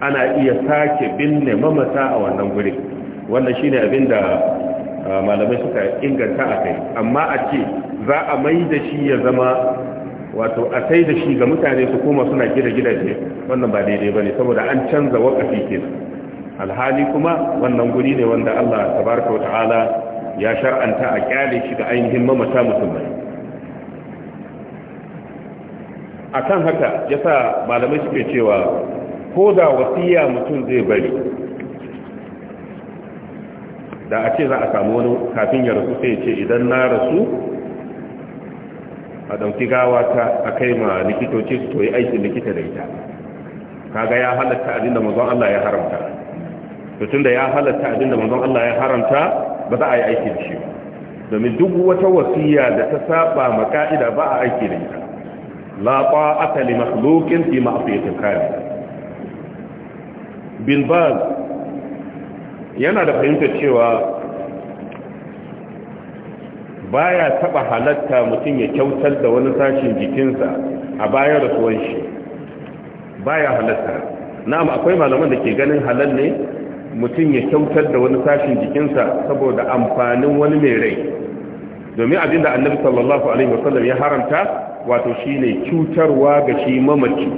ana iya sake binne mamata a wannan guri wannan shine abin da ah, malamai suka inganta a kai amma a ce za a mai da shi ya zama wato a sai da shi ga mutane su koma suna gida gidaje wannan ba daidai ba ne saboda an canza wakafi kenan alhali kuma wannan guri ne wanda Allah tabaraka Ta'ala ya shar'anta a kyale shi ga ainihin mamata musulmai akan haka yasa malamai suke cewa ko da wasiya mutum zai bari da a ce za a samu wani kafin ya rasu sai ce idan na rasu a dauki gawa ta a kai ma likitoci su koyi aikin likita da ita kaga ya halatta abinda manzon Allah ya haramta to tunda ya halatta abinda manzon Allah ya haramta ba za a yi aiki da shi domin duk wata wasiya da ta saba ma ka'ida ba a aiki da ita la ta'ata li makhluqin fi ma'siyatil khaliq bin ba yana da fahimtar cewa baya taba halatta mutum ya kyautar da wani sashin jikinsa a bayan rasuwan shi baya halatta na'am akwai malaman da ke ganin halal ne mutum ya kyautar da wani sashin jikinsa saboda amfanin wani mai rai domin abinda annabi sallallahu alaihi wasallam ya haramta wato shine cutarwa ga shi mamaci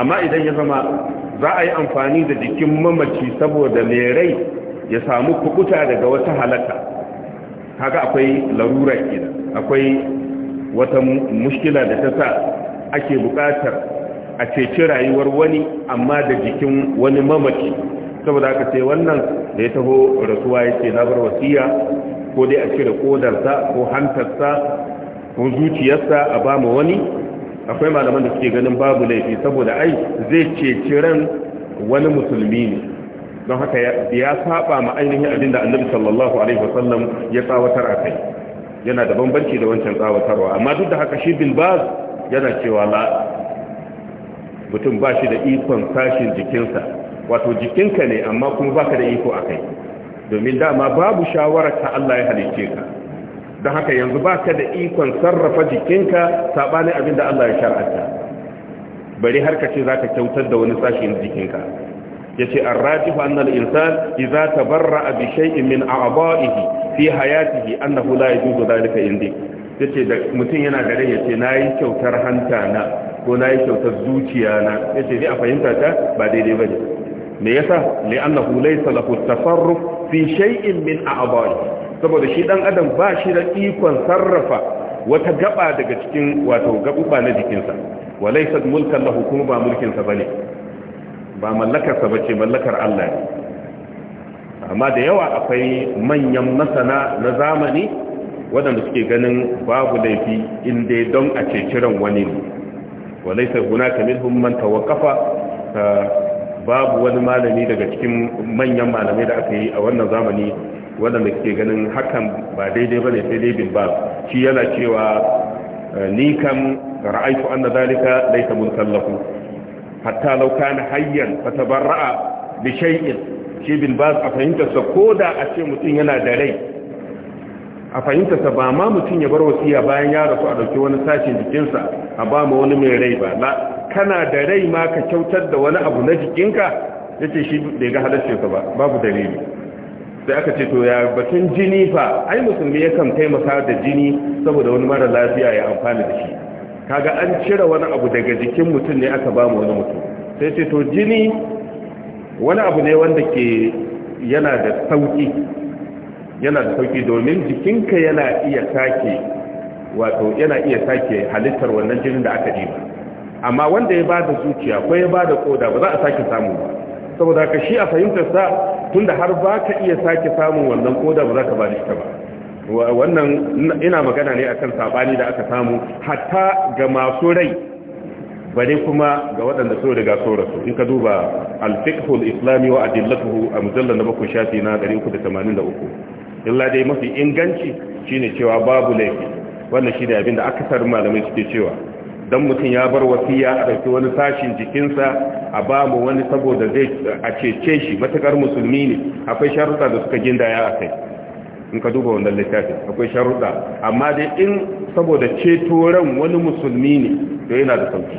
amma idan ya zama za a yi amfani da jikin mamaci saboda mai rai ya samu kukuta daga wata halaka kaga akwai larura kenan akwai wata mushkila da ta sa ake buƙatar a ceci rayuwar wani amma da jikin wani mamaci saboda aka ce wannan da ya taho rasuwa ya ce na wasiya ko dai a cire kodarsa ko hantarsa ko zuciyarsa a ba mu wani akwai malaman da suke ganin babu laifi saboda ai zai ceci ran wani musulmi ne don haka ya saba ma ainihin abin da annabi sallallahu alaihi wasallam ya tsawatar a kai yana da bambanci da wancan tsawatarwa amma duk da haka shi bin baz yana cewa la mutum ba shi da ikon sashin jikinsa wato jikinka ne amma kuma baka da iko a kai domin dama babu shawarar ta Allah ya halicce ka don haka yanzu baka da ikon sarrafa jikinka saɓanin abin da Allah ya shar'anta bari har ka ce za ka kyautar da wani sashin jikinka yace ar-rajih anna insan idza tabarra'a bi shay'in min a'dahihi fi hayatihi annahu la yajuzu dhalika indi yace da mutum yana da rai yace nayi kyautar hanta na ko nayi kyautar zuciya na yace ni a fahimta ta ba daidai bane me yasa li annahu laysa lahu tasarruf fi shay'in min a'dahihi saboda shi dan adam ba shi da ikon sarrafa wata gaba daga cikin wato gabuba na jikinsa walaysa mulkan lahu kuma ba mulkin sa bane ba mallakarsa ba ce mallakar Allah ne amma da yawa akwai manyan masana na zamani waɗanda suke ganin babu laifi in dai don a ce kiran wani ne walai sai guna kamil man tawakafa babu wani malami daga cikin manyan malamai da aka yi a wannan zamani waɗanda suke ganin hakan ba daidai ba ne sai dai bin ba shi yana cewa eh, ni kam ra'aitu anna zalika laysa mutallafu hatta law kana hayyan fatabarra'a bi shay'in shi bin baz a fahimtar sa koda a ce mutum yana da rai a fahimtar ba ma mutum ya bar wasiya bayan ya rasu a dauki wani sashin jikinsa a ba ma wani mai rai ba la kana da rai ma ka kyautar da wani abu na jikinka yace shi bai ga halarcinsa ba babu dalili sai aka ce to ya batun jini fa ai musulmi yakan taimaka da jini saboda wani mara lafiya ya amfana da shi kaga an cire wani abu daga jikin mutum ne aka ba mu wani mutum sai ce to jini wani abu ne wanda ke yana da sauki yana da sauki domin jikinka yana iya sake wato yana iya sake halittar wannan jinin da aka ɗiba amma wanda ya ba da zuciya ko ya ba da koda ba za a sake samu ba saboda ka shi a fahimtar sa tunda har ba ka iya sake samun wannan koda ba za ka ba da shi ba wannan ina magana ne akan sabani da aka samu hatta ga masu rai bare kuma ga waɗanda so riga so rasu in ka duba al-fiqhul islami wa adillatuhu a mujallal na bakwai shafi na 383 illa dai mafi inganci shine cewa babu laifi wannan da abin da akasar malamai suke cewa dan mutum ya bar wasiya a dauki wani sashin jikinsa a ba mu wani saboda zai a cece shi matakar musulmi ne akwai sharuɗa da suka gindaya a kai in ka duba wannan littafin akwai sharuɗa amma dai in saboda ceto ran wani musulmi ne to yana da sauki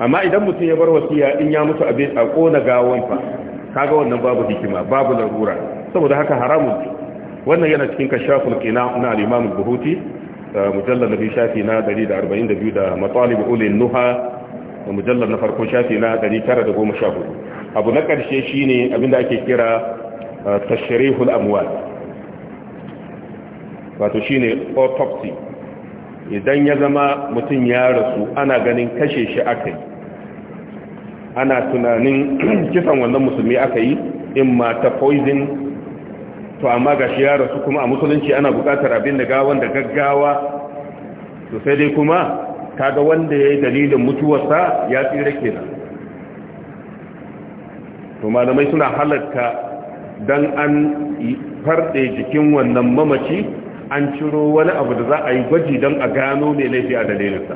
amma idan mutum ya bar wasiya in ya mutu a a kona gawan fa kaga wannan babu hikima babu larura saboda haka haramun wannan yana cikin kashaful qina na al-imam al-buhuti uh, mujallal nabi shafi na 142 da matalib ul nuha da mujallal na farko shafi na 914 abu na karshe shine abinda ake kira tashrihul amwal wato shine autopsy idan ya zama mutum ya rasu ana ganin kashe shi akai ana tunanin kisan wannan musulmi aka yi in ma poison to amma ga shi ya rasu kuma a musulunci ana bukatar abin da gawan da gaggawa to sai dai kuma kaga wanda ya yi dalilin mutuwarsa ya tsira kenan to malamai suna halarta don an farɗe jikin wannan mamaci an ciro wani abu da za a yi gwaji don a gano mai laifi a dalilinsa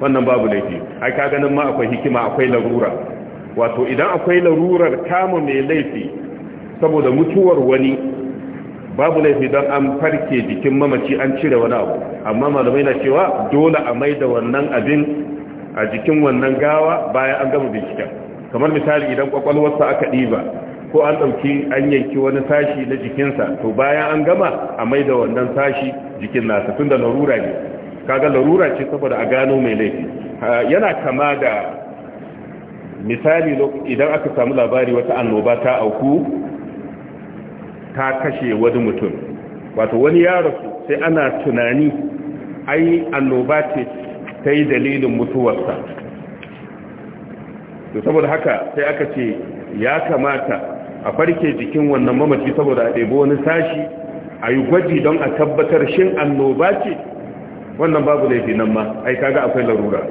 wannan babu laifi ai ka ganin ma akwai hikima akwai larura wato idan akwai larurar kama mai laifi saboda mutuwar wani babu laifi don an farke jikin mamaci an cire wani abu amma malamai na cewa dole a mai da wannan abin a jikin wannan gawa bayan an gama binciken kamar misali idan kwakwalwarsa aka ɗiba ko an ɗauki an yanki wani sashi na jikinsa to bayan an gama a mai da wannan sashi jikin nasa tun da larura ne kaga larura ce saboda a gano mai laifi yana kama da misali idan aka samu labari wata annoba ta auku ta kashe wani mutum wato wani yaro sai ana tunani ai annoba ce ta yi dalilin mutuwarsa saboda haka sai aka ce ya kamata a farke jikin wannan mamaci saboda a ɗebo wani sashi a yi gwaji don a tabbatar shin annoba ce wannan babu laifi nan ma ai kaga akwai larura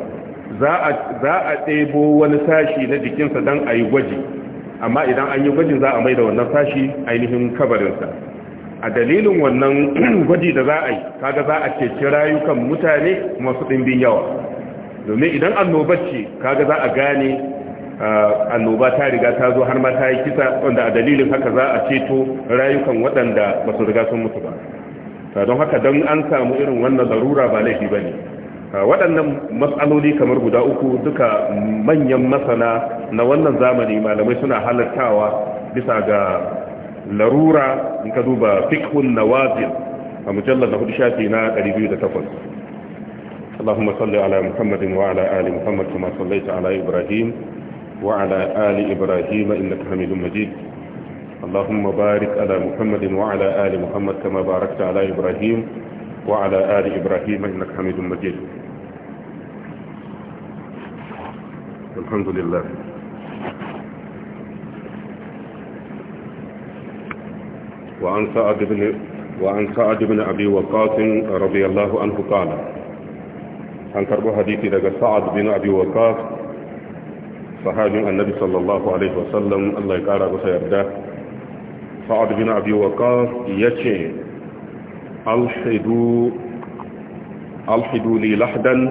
za a ɗebo wani sashi na jikinsa don a yi gwaji amma idan an yi gwajin za a mai da wannan sashi ainihin kabarinsa a dalilin wannan gwaji da za a yi kaga za a ceci rayukan mutane masu ɗimbin yawa domin idan annobar ce kaga za a gane Ah, annoba ta riga ta zo har ma ta yi kisa wanda a dalilin haka za a ceto rayukan waɗanda ba su riga sun mutu ba ah, don haka don an samu irin wannan larura ba laifi ba ne ah, waɗannan matsaloli kamar guda uku duka manyan masana na wannan zamani malamai suna halartawa bisa ga larura in ka duba fikhun nawazil a mujallar da shafi na 208 اللهم صل على محمد وعلى آل محمد كما صليت على إبراهيم وعلى آل إبراهيم إنك حميد مجيد اللهم بارك على محمد وعلى آل محمد كما باركت على إبراهيم وعلى آل إبراهيم إنك حميد مجيد الحمد لله وعن سعد بن وعن سعد بن أبي وقاص رضي الله عنه قال عن كرب حديث لك سعد بن أبي وقاص sahabin annabi sallallahu alaihi wasallam Allah ya kara masa yarda sa'ad bin abi waqas yace alhidu alhidu li lahdan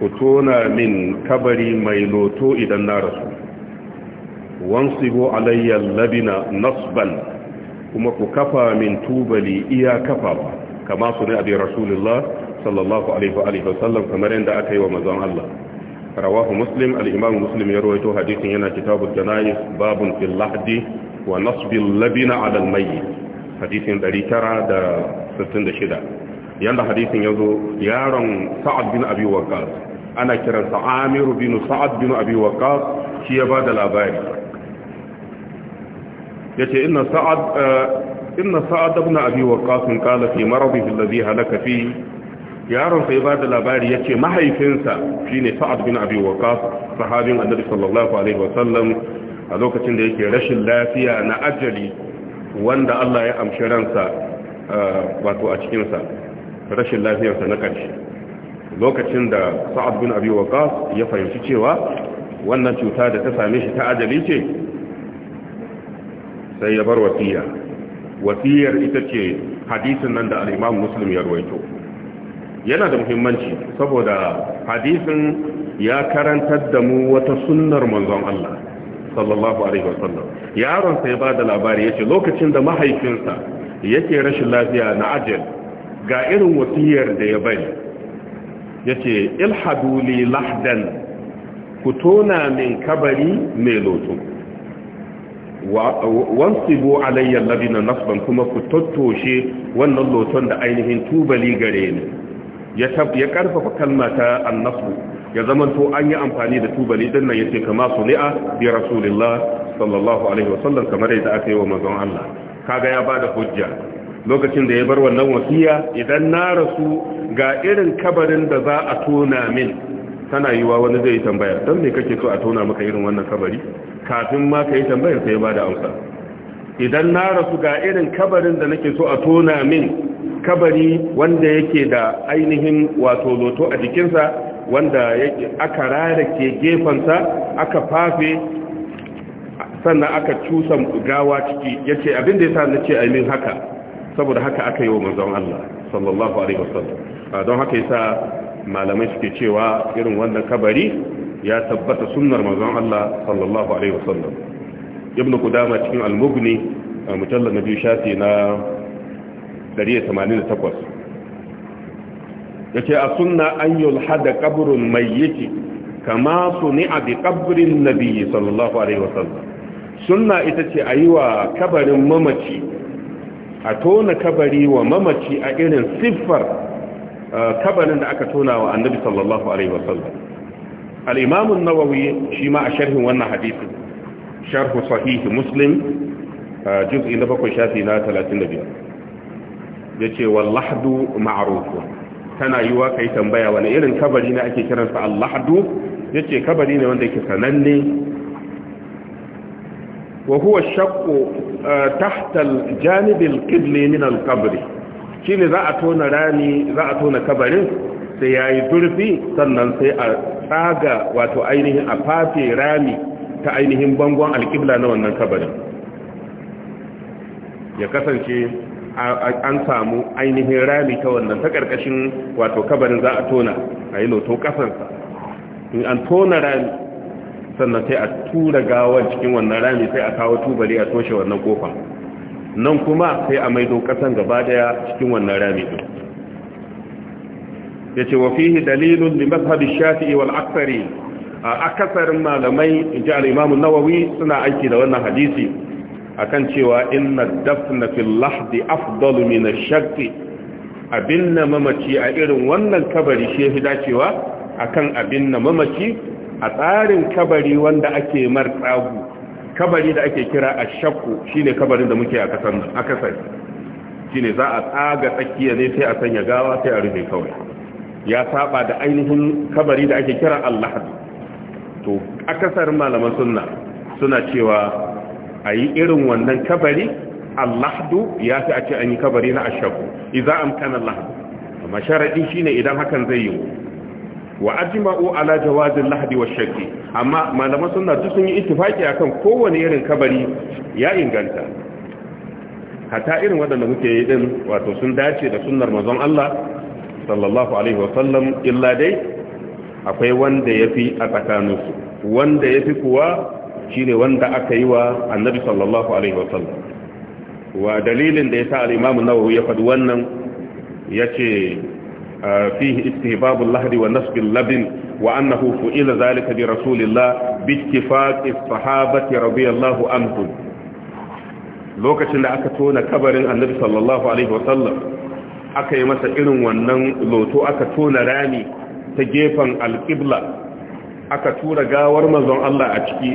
kutuna min kabari mai loto idan na rasu wansibu alayya labina nasban kuma ku kafa min tubali iya kafa ba kama su ne abin rasulullah sallallahu alaihi wa sallam kamar yadda aka yi wa mazan Allah رواه مسلم الإمام مسلم يرويته حديث هنا كتاب الجنائز باب في اللحد ونصب اللبن على الميت حديث الذي ترى دا ستند شدا يند حديث يذو يارا سعد بن أبي وقاص أنا كرا سعامر بن سعد بن أبي وقاص في أباد الأباري يتي إن سعد آه إن سعد بن أبي وقاص قال في مرضه الذي هلك فيه yaron ya ba da labari ya ce mahaifinsa shine Sa'ad bin Abi Waqqas sahabin Annabi sallallahu alaihi wasallam a lokacin da yake rashin lafiya na ajali wanda Allah ya amshi ransa wato a cikinsa, rashin lafiyarsa na ƙarshe lokacin da Sa'ad bin Abi Waqqas ya fahimci cewa wannan cuta da ta same shi ta ajali ce sai ya bar wasiya wasiyar ita ce hadisin nan da al-Imam Muslim ya ruwaito yana da muhimmanci saboda hadisin ya karantar da mu wata sunnar manzon Allah sallallahu alaihi wasallam yaron sai ba da labari yace lokacin da mahaifinsa yake rashin lafiya na ajal ga irin wasiyar da ya bari yace ilhadu li lahdan ku tona min kabari mai lotu wansibu alayya labina nasban kuma ku tattoshe wannan loton da ainihin tubali gare ni ya karfafa kalma ta annasu ya zamanto an yi amfani da tubali din nan yace kama suli'a bi rasulillah sallallahu alaihi wasallam kamar yadda aka yi wa manzon Allah kaga ya bada hujja lokacin da ya bar wannan wasiya idan na rasu ga irin kabarin da za a tona min tana yiwa wani zai tambaya dan me kake so a tona maka irin wannan kabari kafin ma kai tambayar sai ya bada amsa idan na rasu ga irin kabarin da nake so a tona min kabari wanda yake da ainihin wato loto a jikinsa wanda aka rara ke gefensa aka fafe sannan aka cusa gawa ciki ya ce abinda ya sa na ce min haka saboda haka aka yi wa manzon Allah sallallahu alaihi wasallam don haka yasa malamai suke cewa irin wannan kabari ya tabbata sunnar manzon Allah sallallahu alaihi wasallam ibnu qudama cikin al-mughni mujallad na biyu shafi na 188 yace a sunna an yulhada qabrun mayyit kama a bi qabrin nabiy sallallahu alaihi wasallam sunna ita ce a yi wa kabarin mamaci a tona kabari wa mamaci a irin siffar uh, kabarin da aka tona wa annabi sallallahu alaihi wasallam al-imamun nawawi shi ma a sharhin wannan hadisin sharhu sahihi muslim uh, juz'i na bakwai shafi na 35 yace wallahadu ma'arufu tana yiwa kai tambaya wani irin kabari ne ake kiransa allahdu yace kabari ne wanda ke sananne wa huwa shaqqu eh, tahta al-janib min shine za a tona rani za a tona kabarin sai yayi zurfi sannan sai a tsaga wato ainihin a fafe rami ta ainihin bangon alkibla na wannan kabarin ya kasance an samu ainihin rami ta wannan ta ƙarƙashin wato kabarin za a tona a yi loto ƙasansa in an tona rami sannan sai a tura gawar cikin wannan rami sai a kawo tubali a toshe wannan kofa nan kuma sai a maido ƙasan gaba daya cikin wannan rami ɗin ya ce wafihi dalilun da mazhabi shafi'i wal aksari a akasarin malamai in ji al'imamun nawawi suna aiki da wannan hadisi akan cewa inna dafna fil lahdi afdalu min ash-shaqq abinna mamaci a irin wannan kabari shi fi dacewa akan abinna mamaci a tsarin kabari wanda ake martsagu kabari da ake kira ash-shaqq shine kabarin da muke a kasan akasai shine za a tsaga tsakiya ne sai a sanya gawa sai a rufe kawai ya saba da ainihin kabari da ake kira al lahdi to akasar malaman sunna suna cewa a yi irin wannan kabari allahdu ya fi a ce an yi kabari na ashabu iza amkana lahdu amma shi shine idan hakan zai yiwu wa ajma'u ala jawazin lahdi shakki. amma malaman sunna duk sun yi ittifaki akan kowane irin kabari ya inganta Hata irin waɗanda muke yi din wato sun dace da sunnar manzon Allah sallallahu alaihi wa sallam illa dai akwai wanda yafi a tsakaninsu wanda yafi kuwa shine wanda aka yi wa annabi sallallahu alaihi sallam. wa dalilin da yasa al-imam an-nawawi ya faɗi wannan yace ah, fihi istihbabu al-lahdi wa nasb Labin wa annahu fu'ila zalika bi rasulillah bi ittifaqi sahabati radiyallahu anhum lokacin da aka tona kabarin annabi sallallahu alaihi sallam aka yi masa irin wannan loto aka tona rami ta gefen alƙibla aka tura gawar mazan Allah a ciki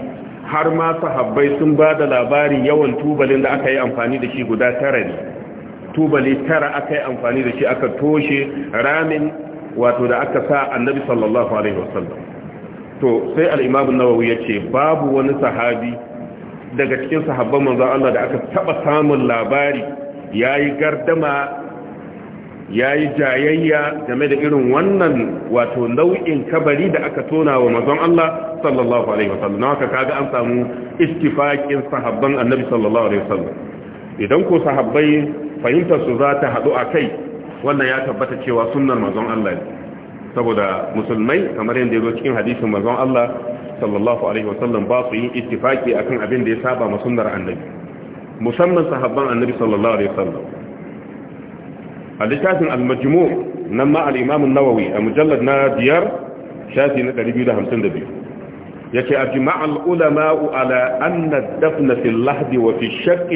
har ma sahabbai sun ba da labarin yawan tubalin da aka yi amfani da shi guda tara ne tubali tara aka yi amfani da shi aka toshe ramin wato da aka sa annabi sallallahu alaihi wasallam to sai al-imam an-nawawi yace babu wani sahabi daga cikin sahabban manzon Allah da aka taba samun labari yayi gardama ya yi jayayya game da irin wannan wato nau'in kabari da aka tona wa mazan Allah sallallahu alaihi wasallam na haka kaga an samu istifakin sahabban annabi sallallahu alaihi wasallam idan ko sahabbai fahimtar za ta haɗu a kai wannan ya tabbata cewa sunan mazan Allah ne saboda musulmai kamar yadda ya zo cikin hadisin mazan Allah sallallahu alaihi wasallam ba su yi istifaki akan abin da ya saba ma sunnar annabi musamman sahabban annabi sallallahu alaihi wasallam a littafin al-majmu nan ma al-imam an-nawawi a mujallad na biyar shafi na 252 yace ajma al-ulama ala anna ad fi al-lahd wa fi ash-shaq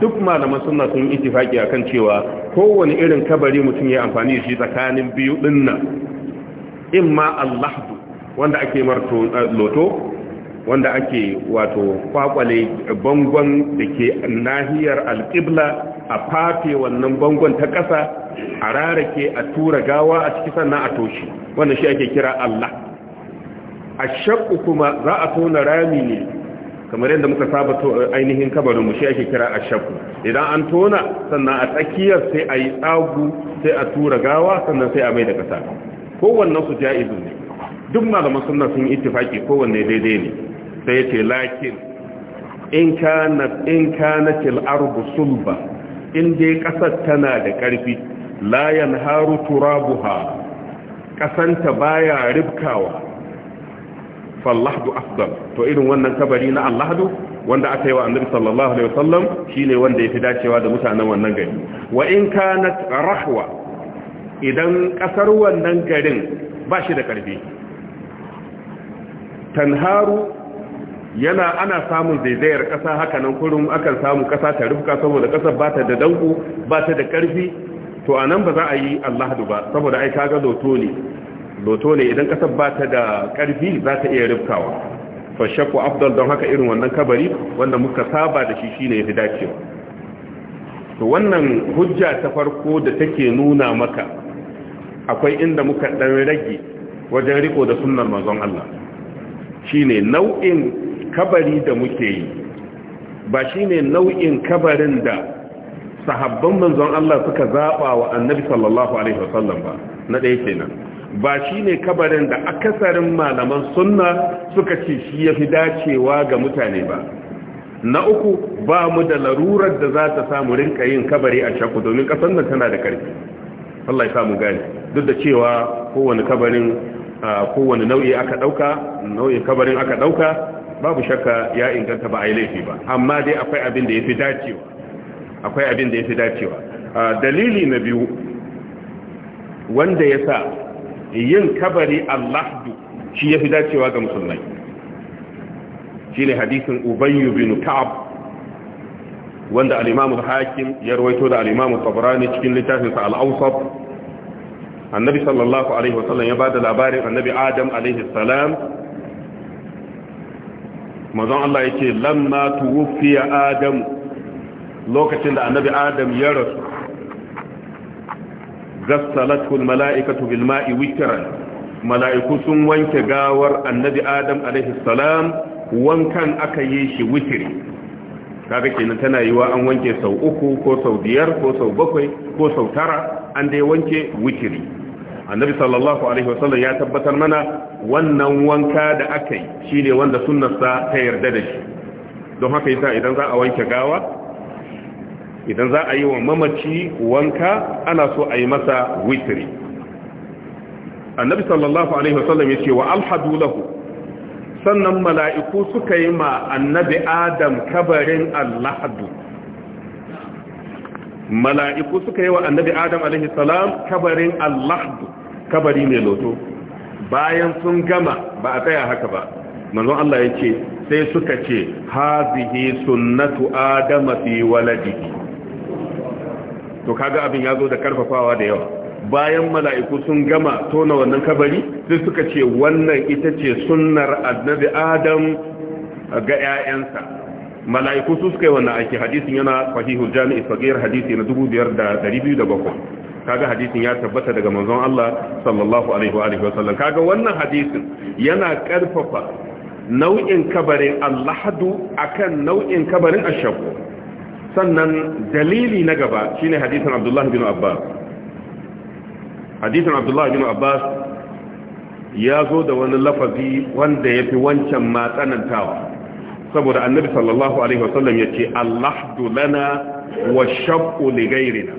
duk malaman sunna sun ittifaki akan cewa kowane irin kabari mutum ya amfani da shi tsakanin biyu dinnan imma al-lahd wanda ake marto eh, loto wanda ake wato kwakwale bangon da ke nahiyar alƙibla a fafe wannan bangon ta ƙasa a rarake a tura gawa a ciki sannan a toshi wannan shi ake kira Allah a shakku kuma za a tona rami ne kamar yadda muka saba ainihin kabarinmu shi ake kira a shakku idan an tona sannan a tsakiyar sai a yi tsagu sai a tura gawa sannan sai a mai da ƙasa kowannen su ja'izu ne duk malaman sunna sun yi ittifaki kowanne daidai ne sai yace lakin in kana in kanatil ardu sulba in dai kasar tana da karfi la yanharu turabuha ƙasanta baya ribkawa fallahdu afdal to irin wannan kabari na allahdu wanda aka yi wa annabi sallallahu alaihi wasallam shine wanda yafi dacewa da mutanen wannan gari wa in kanat rahwa idan kasar wannan garin ba shi da karfi tanharu yana ana samun zaizayar ƙasa haka nan kurum akan samu ƙasa ta rufka saboda ƙasar ba ta da danko ba ta da ƙarfi to a nan ba za a yi allahadu ba saboda ai kaga loto ne loto ne idan ƙasar ba ta da ƙarfi za ta iya rufkawa shakku afdal don haka irin wannan kabari wanda muka saba da shi shine yafi dacewa to wannan hujja ta farko da take nuna maka akwai inda muka dan rage wajen riko da sunnar manzon Allah shine nau'in kabari da muke yi ba shi ne nau'in kabarin da sahabban manzon Allah suka zaɓa wa annabi sallallahu alaihi wasallam ba na ɗaya nan, ba shi ne kabarin da akasarin malaman sunna suka ce shi ya fi dacewa ga mutane ba na uku ba mu da larurar da za ta samu rinka yin kabari a shaku domin ƙasar nan tana da ƙarfi Allah ya samu gani duk da cewa kowane kabarin kowane nau'i aka ɗauka nau'in kabarin aka ɗauka babu shakka ya inganta ba a yi laifi ba amma dai akwai abin da ya fi dacewa akwai abin da ya fi dacewa dalili na biyu wanda ya sa yin kabari allah shi ya fi dacewa ga musulmai shi ne hadisin ubayyu bin Ta'ab wanda al'imamu hakim ya rawaito da al'imamu tabarani cikin littafinsa al'ausaf annabi sallallahu alaihi wasallam ya ba da labarin annabi adam alaihi salam mazan Allah yake lamma tuwfiya adam lokacin da annabi adam ya rasu gassalatu almala'ikatu bilma'i witran mala'iku sun wanke gawar annabi adam alaihi salam wankan aka yi shi witri kaga kenan tana yiwa an wanke sau uku ko sau biyar ko sau bakwai ko sau tara an dai wanke witri annabi sallallahu alaihi wasallam ya tabbatar mana wannan wanka da aka yi shine wanda sunnarsa ta yarda da shi don haka yasa idan za a wanke gawa idan za a yi wa mamaci wanka ana so a yi masa witri annabi sallallahu alaihi wasallam ya ce wa alhadu lahu sannan mala'iku suka yi ma annabi adam kabarin allahadu mala'iku suka yi wa annabi adam alaihi salam kabarin allahadu kabari mai loto bayan sun gama ba a tsaya haka ba manzon Allah ya ce sai suka ce hazihi sunnatu adama fi waladihi to kaga abin ya zo da karfafawa da yawa bayan mala'iku sun gama tona wannan kabari sai suka ce wannan ita ce sunnar annabi adam ga 'ya'yansa mala'iku su suka yi wannan aiki hadisin yana fahihul jami'i fagiyar hadisi na 2207 kaga hadisin ya tabbata daga manzon Allah sallallahu alaihi wa alihi wasallam kaga wannan hadisin yana karfafa nau'in kabarin al-lahdu akan nau'in kabarin ash-shaqq sannan dalili na gaba shine hadisin Abdullah bin Abbas hadisin Abdullah bin Abbas ya zo da wani lafazi wanda yafi wancan ma tsanantawa saboda annabi sallallahu alaihi wasallam yace al-lahdu lana wa ash-shaqq li ghayrina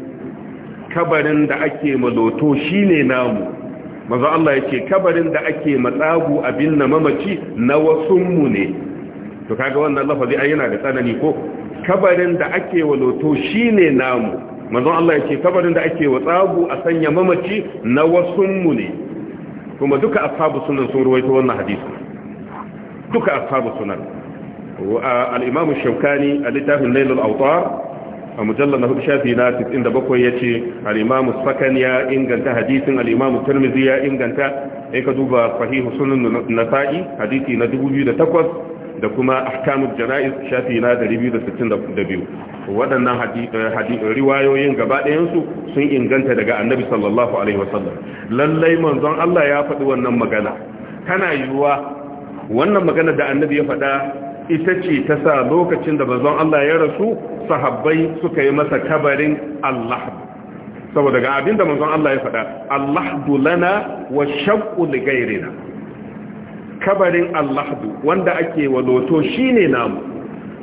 kabarin da ake maloto ne namu maza Allah ya ce kabarin da ake matsagu abin na mamaci na wasunmu ne to kaga wannan lafazi ai yana da tsanani ko kabarin da ake waloto ne namu maza Allah ya ce kabarin da ake watsagu a sanya mamaci na wasunmu ne kuma duka ashabu sunan sun ruwaito wannan hadisu. duka ashabu sunan al-imam shaukani a littafin lailul awtar a mujallar na hudu shafi na 97 ya ce al'imamu sakan ya inganta hadisin al'imamu turmizi ya inganta ya ka duba fahimu sunan nasa'i hadisi na 2008 da kuma ahkamu jana'iz shafi na 262 waɗannan riwayoyin gaba ɗayansu sun inganta daga annabi sallallahu alaihi wasallam lallai manzon Allah ya faɗi wannan magana kana yiwuwa wannan magana da annabi ya faɗa ita ce ta sa lokacin da manzon Allah ya rasu sahabbai suka yi masa kabarin Allah saboda ga abin da manzon Allah ya faɗa Allah lana wa shaqqu li kabarin Allah wanda ake waloto shine namu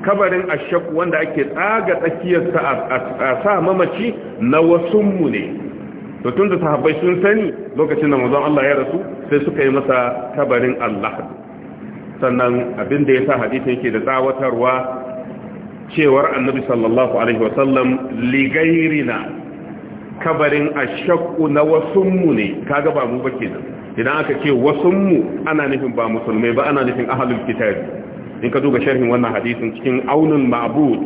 kabarin ashaq wanda ake tsaga tsakiyar a sa mamaci na wasunmu ne to da sahabbai sun sani lokacin da manzon Allah ya rasu sai suka yi masa kabarin Allah sannan abin da ya sa hadithin ke da tsawatarwa cewar annabi sallallahu alaihi wasallam ligairina kabarin ashakku na wasunmu ne kaga ba mu ba kenan idan aka ce wasunmu ana nufin ba musulmai ba ana nufin ahlul kitab in ka duba sharhin wannan hadithin cikin aunin ma'bud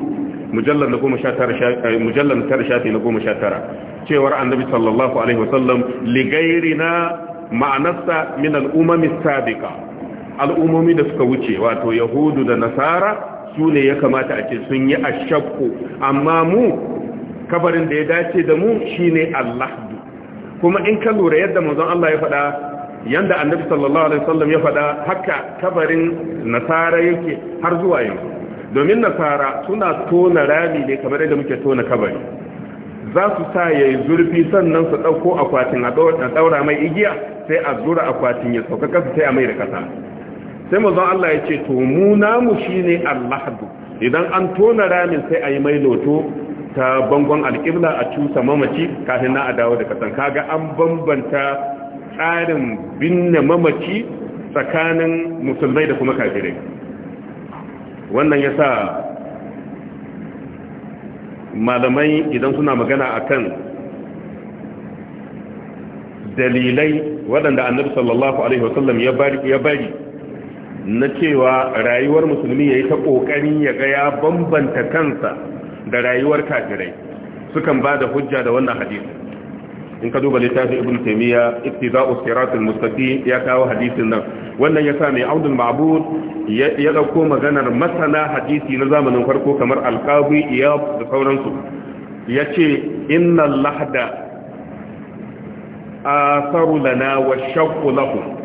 mujallal na 19 eh, mujallal tara shafi na goma sha tara cewar annabi sallallahu alaihi wasallam ligairina ma'anarsa min al-umam as al'ummomi da suka wuce wato yahudu da nasara su ne ya kamata a ce sun yi ashakku amma mu kabarin da ya dace da mu shine Allah kuma in ka lura yadda manzon Allah ya faɗa yanda annabi sallallahu alaihi wasallam ya faɗa haka kabarin nasara yake har zuwa yau domin nasara suna tona rami ne kamar yadda muke tona kabari za su sa ya yi zurfi sannan su ɗauko akwatin a ɗaura mai igiya sai a zura akwatin ya sauka kasa sai a mai da kasa sai mazan Allah ya ce to mu namu shine allahdu idan an tona ramin sai a yi mai loto ta bangon alƙibla a cusa mamaci kafin na a dawo da kasan kaga an bambanta tsarin binne mamaci tsakanin musulmai da kuma kafirai wannan ya sa malamai idan suna magana akan dalilai waɗanda annabi sallallahu alaihi wasallam ya bari na cewa rayuwar musulmi ya yi ta ƙoƙari ya ga ya bambanta kansa da rayuwar kafirai sukan ba da hujja da wannan hadisi in ka duba littafin ibn taymiya ittiza'u siratul mustaqim ya kawo hadisin nan wannan ya sa mai audul ma'bud ya ɗauko maganar masana hadisi na zamanin farko kamar alqabi iyab da sauransu yace innal lahda asaru lana wa shaqqu lahum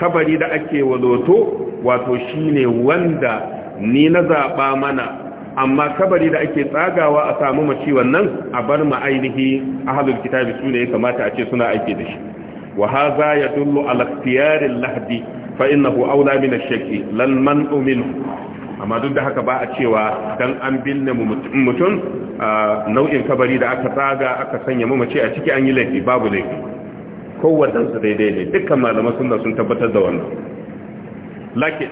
kabari da ake waloto wato shine wanda ni na zaba mana amma kabari da ake tsagawa a samu mace wannan a bar ma ainihi ahlul kitabi su ne kamata a ce suna aiki da shi wa hadha yadullu ala ikhtiyaril lahdi fa innahu awla min ash-shakki lal man'u amma duk da haka ba a cewa dan an binne mutum nau'in kabari da aka tsaga aka sanya mamaci a ciki an yi laifi babu laifi kowadansu daidai ne dukkan sun da sun tabbatar da wannan lakin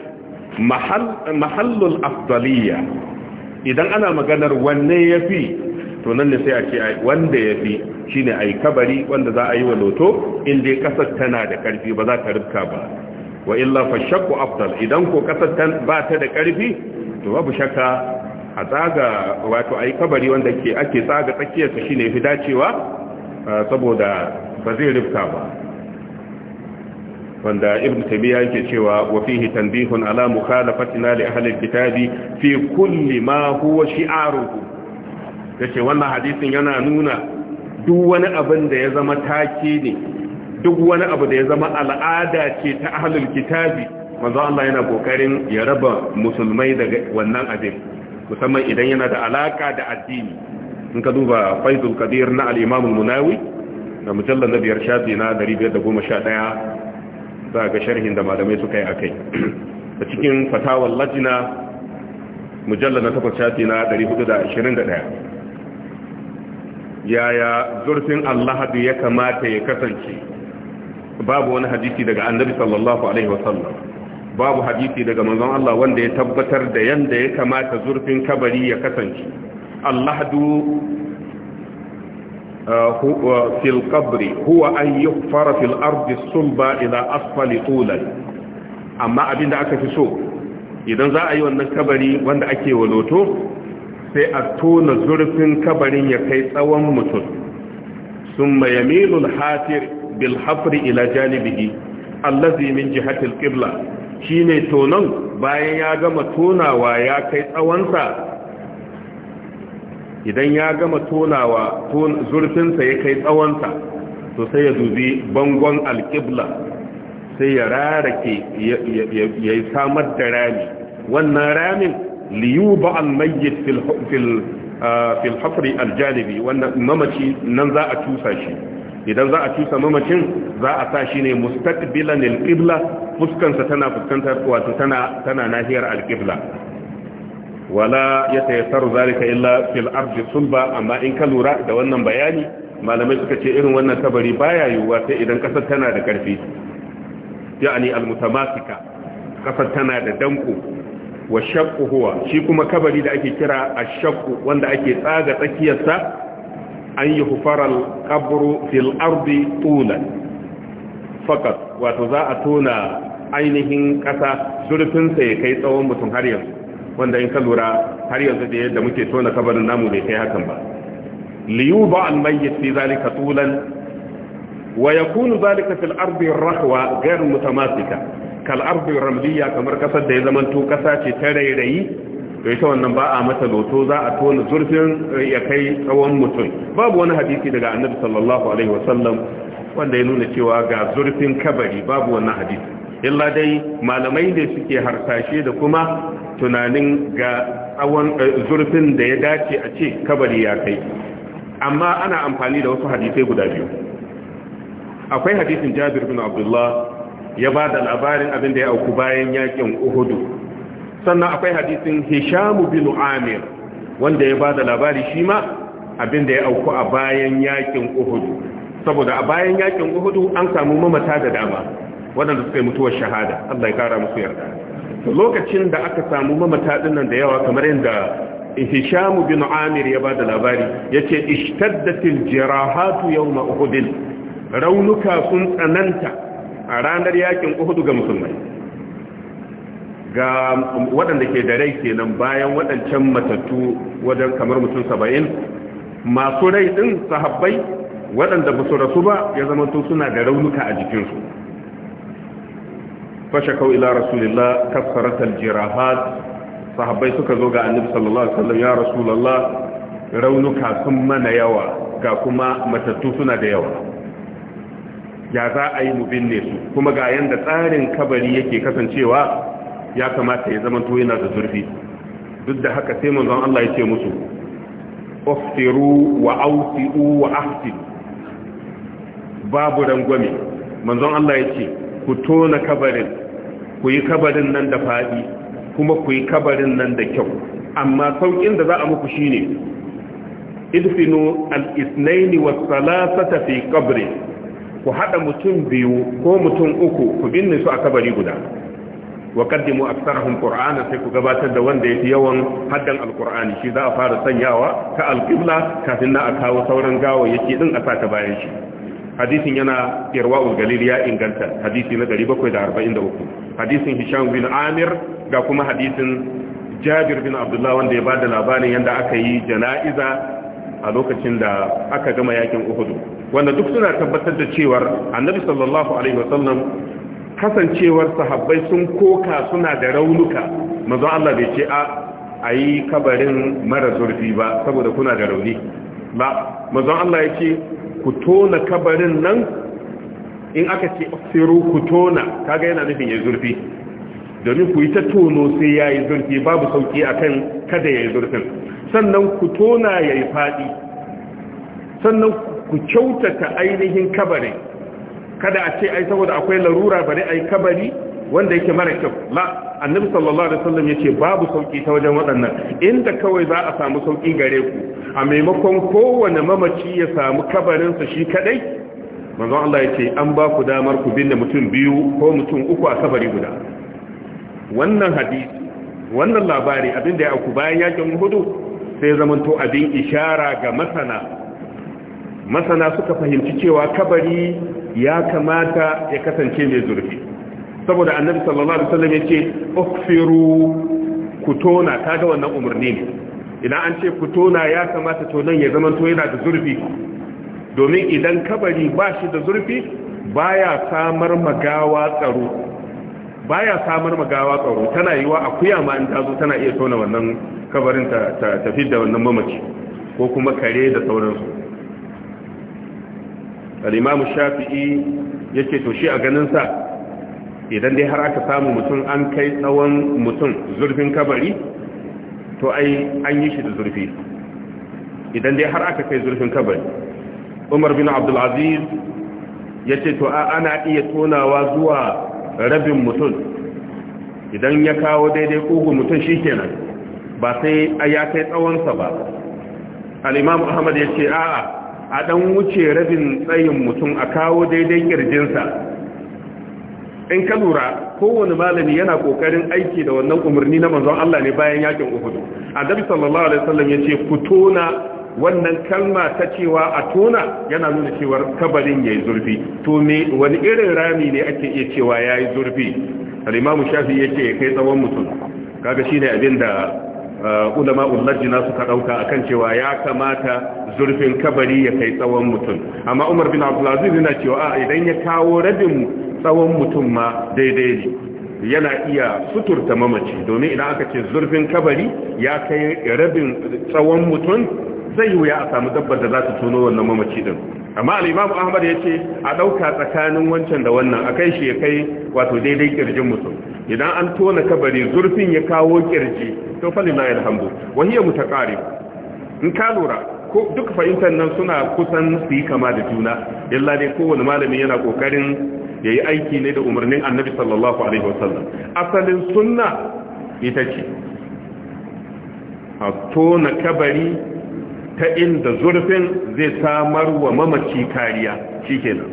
mahallul afdaliya idan ana maganar wanne ya fi to nan ne sai a ce wanda ya fi shi ne a yi kabari wanda za a yi wa loto inda ya kasar tana da karfi ba za ta rufka ba wa illa fa shakku afdal idan ko kasar ba ta da karfi to babu shakka a tsaga wato a yi kabari wanda ake tsaga tsakiyarsa shi ne fi dacewa saboda ba zai rufka ba wanda ibn tabiya yake cewa wa fihi tanbihun ala mukhalafatina li ahli alkitabi fi kulli ma huwa shi'aruhu yace wannan hadisin yana nuna duk wani abin da ya zama take ne duk wani abu da ya zama al'ada ce ta ahli alkitabi manzo Allah yana kokarin ya raba musulmai daga wannan abin musamman idan yana da alaka da addini in ka duba faizul Kabir na al-imam al-munawi da mujallar na biyar shafi na 511 za ga sharhin da malamai suka yi a kai a cikin fatawar lajina mujallar na takwas shafi na 421 yaya zurfin allahadu ya kamata ya kasance babu wani hadisi daga annabi sallallahu alaihi wasallam babu hadisi daga manzon Allah wanda ya tabbatar da yanda ya kamata zurfin kabari ya kasance allahadu fil qabri huwa an yughfara fil ardi ila asfali tulan amma abinda aka fi so idan za a yi wannan kabari wanda ake wa loto, sai a tona zurfin kabarin ya kai tsawon mutum summa yamilul hatir bil hafri ila janibihi allazi min jihatil qibla shine tonon bayan ya gama tonawa ya kai tsawonsa idan ya gama tonawa zurfinsa ya kai tsawonsa to sai ya dubi bangon alƙibla sai ya rarake ya samar da rami wannan ramin liyuba al mayyit fil hafri aljanibi wannan mamaci nan za a cusa shi idan za a cusa mamacin za a sa shi ne mustaqbilan alqibla fuskansa tana fuskantar wato tana tana nahiyar alqibla wala ya tayassaru zalika illa fil ardi sulba amma in ka lura da wannan bayani malamai suka ce irin wannan kabari baya yiwuwa sai idan kasar tana da karfi ya'ani almutamasika kasar tana da danko wa shaqqu huwa shi kuma kabari da ake kira ash-shaqqu wanda ake tsaga tsakiyarsa an yi hufaral qabru fil ardi tulan fakat wato za a tona ainihin kasa zurfin sa ya kai tsawon mutum har yanzu wanda in ka lura har yanzu da yadda muke tona kabarin namu bai kai hakan ba liyuba al-mayyit fi zalika tulan wa yakunu zalika fil ardi rahwa ghayr mutamassika kal ardi ramliya kamar kasar da ya zamanto kasa ce ta rairayi to ita wannan ba a mata loto za a tona zurfin eh, ya kai tsawon mutum babu wani hadisi daga annabi sallallahu alaihi wasallam wanda ya nuna cewa ga zurfin kabari babu wannan hadisi illa dai malamai ne suke harsashe da kuma tunanin ga tsawon eh, zurfin da ya dace a ce kabari ya kai amma ana amfani da wasu hadisai guda biyu akwai hadisin jabir bin abdullah ya ba da labarin abin da ya auku bayan yakin uhudu sannan akwai hadisin hishamu bin amir wanda ya ba da labari shi ma abin da ya auku a bayan yakin uhudu saboda a bayan yakin uhudu an samu mamata da dama waɗanda suka yi mutuwar shahada allah ya kara musu yarda lokacin da aka samu mamata dinnan da yawa kamar yadda Hisham bin Amir ya bada labari yace ishtaddatil jirahatu yawma Uhud raunuka sun tsananta a ranar yakin Uhud ga musulmai ga waɗanda ke da rai kenan bayan waɗancan matattu wajen kamar mutum 70 masu rai din sahabbai waɗanda ba su rasu ba ya zama to suna da raunuka a jikinsu fashakau ila rasulillah kassaratal jirahat sahabbai suka zo ga annabi sallallahu alaihi wasallam ya rasulullah raunuka sun mana yawa ga kuma matattu suna da yawa ya za a yi mu binne su kuma ga yanda tsarin kabari yake kasancewa ya kamata ya zama to yana da zurfi duk da haka sai manzon Allah ya ce musu uftiru wa ausiu wa ahsin babu rangwame manzon Allah ya ce ku tona kabarin ku yi kabarin nan da faɗi kuma ku yi kabarin nan da kyau amma saukin da za a muku shine idfinu al-ithnaini wa salasata fi qabri ku haɗa mutum biyu ko mutum uku ku binne su a kabari guda wa qaddimu aktsarahum qur'ana sai ku gabatar da wanda yafi yawan haddan alqur'ani shi za a fara sanyawa ta alƙibla kafin na a kawo sauran gawo yake din a sata bayan shi hadisin yana irwa'ul galil ya inganta hadisi na 743 hadisin hisham bin amir ga kuma hadisin jabir bin abdullah wanda ya bada labarin yanda aka yi jana'iza a lokacin da aka gama yakin Uhudu. wanda duk suna tabbatar da cewar annabi sallallahu alaihi wasallam kasancewar sahabbai sun koka suna da raunuka manzo Allah bai ce a ayi kabarin mara zurfi ba saboda kuna da rauni ba manzo Allah ya ce ku tona kabarin nan in aka ce siru ku tona kaga yana nufin ya zurfi domin ku yi ta tono sai ya yi zurfi babu sauki akan kada ya yi zurfin sannan ku tona ya yi faɗi sannan ku kyautata ainihin kabarin kada a ce ai saboda akwai larura bari yi kabari wanda yake mara kyau la annabi sallallahu alaihi wasallam yace babu sauki ta wajen waɗannan inda kawai za a samu sauki gare ku a maimakon kowane mamaci ya samu kabarin sa shi kadai manzo Allah yace an ba ku damar ku binne mutum biyu ko mutum uku a kabari guda wannan hadisi wannan labari abinda ya auku bayan yakin hudu sai zamanto abin ishara ga masana masana suka fahimci cewa kabari ya kamata ya kasance mai zurfi saboda annabi sallallahu alaihi wasallam yace ukfiru kutona tona kaga wannan umarni ne idan an ce kutona ya kamata tonan ya zama to yana da zurfi domin idan kabari ba shi da zurfi baya samar magawa tsaro baya samar magawa tsaro tana yiwa akuya ma an ta zo tana iya tona wannan kabarin ta tafi da wannan mamaci ko kuma kare da sauransu al-imam shafi'i yake to shi a ganin sa idan dai har aka samu mutum an kai tsawon mutum zurfin kabari to ai an yi shi da zurfi idan dai har aka kai zurfin kabari umar bin abdulaziz ya ce to ana iya tonawa zuwa rabin mutum idan ya kawo daidai kugu mutum shi kenan ba sai ya kai tsawonsa ba al'imam ahmad ya ce a'a a dan wuce rabin tsayin mutum a kawo daidai kirjinsa in ka lura kowane malami yana kokarin aiki da wannan umarni na manzon Allah ne bayan yakin Uhud annabi sallallahu alaihi wasallam yace ku wannan kalma ta cewa a tona yana nuna cewa kabarin yayi zurfi to me wani irin rami ne ake iya cewa yayi zurfi al-imamu shafi yace kai tsawon mutum kaga shine abin da uh, ulama ullajina suka dauka akan cewa ya kamata zurfin kabari ya kai tsawon mutum amma Umar bin Abdulaziz yana cewa a idan ya kawo rabin tsawon mutum ma daidai ne yana iya suturta mamaci domin idan aka ce zurfin kabari ya kai rabin tsawon mutum zai wuya a samu dabbar da za ta tono wannan mamaci din amma al'imamu ahmad ya ce a ɗauka tsakanin wancan da wannan a kai shi ya kai wato daidai kirjin mutum idan an tona kabari zurfin ya kawo kirji to na alhamdu wahiyar ƙare in ka lura duk fahimtar nan suna kusan su yi kama da juna illa dai kowane malami yana ƙoƙarin. Yayi yi aiki ne da umarnin annabi sallallahu alaihi wasallam asalin sunna ita ce a tona kabari ta inda zurfin zai samar wa mamaci kariya shi kenan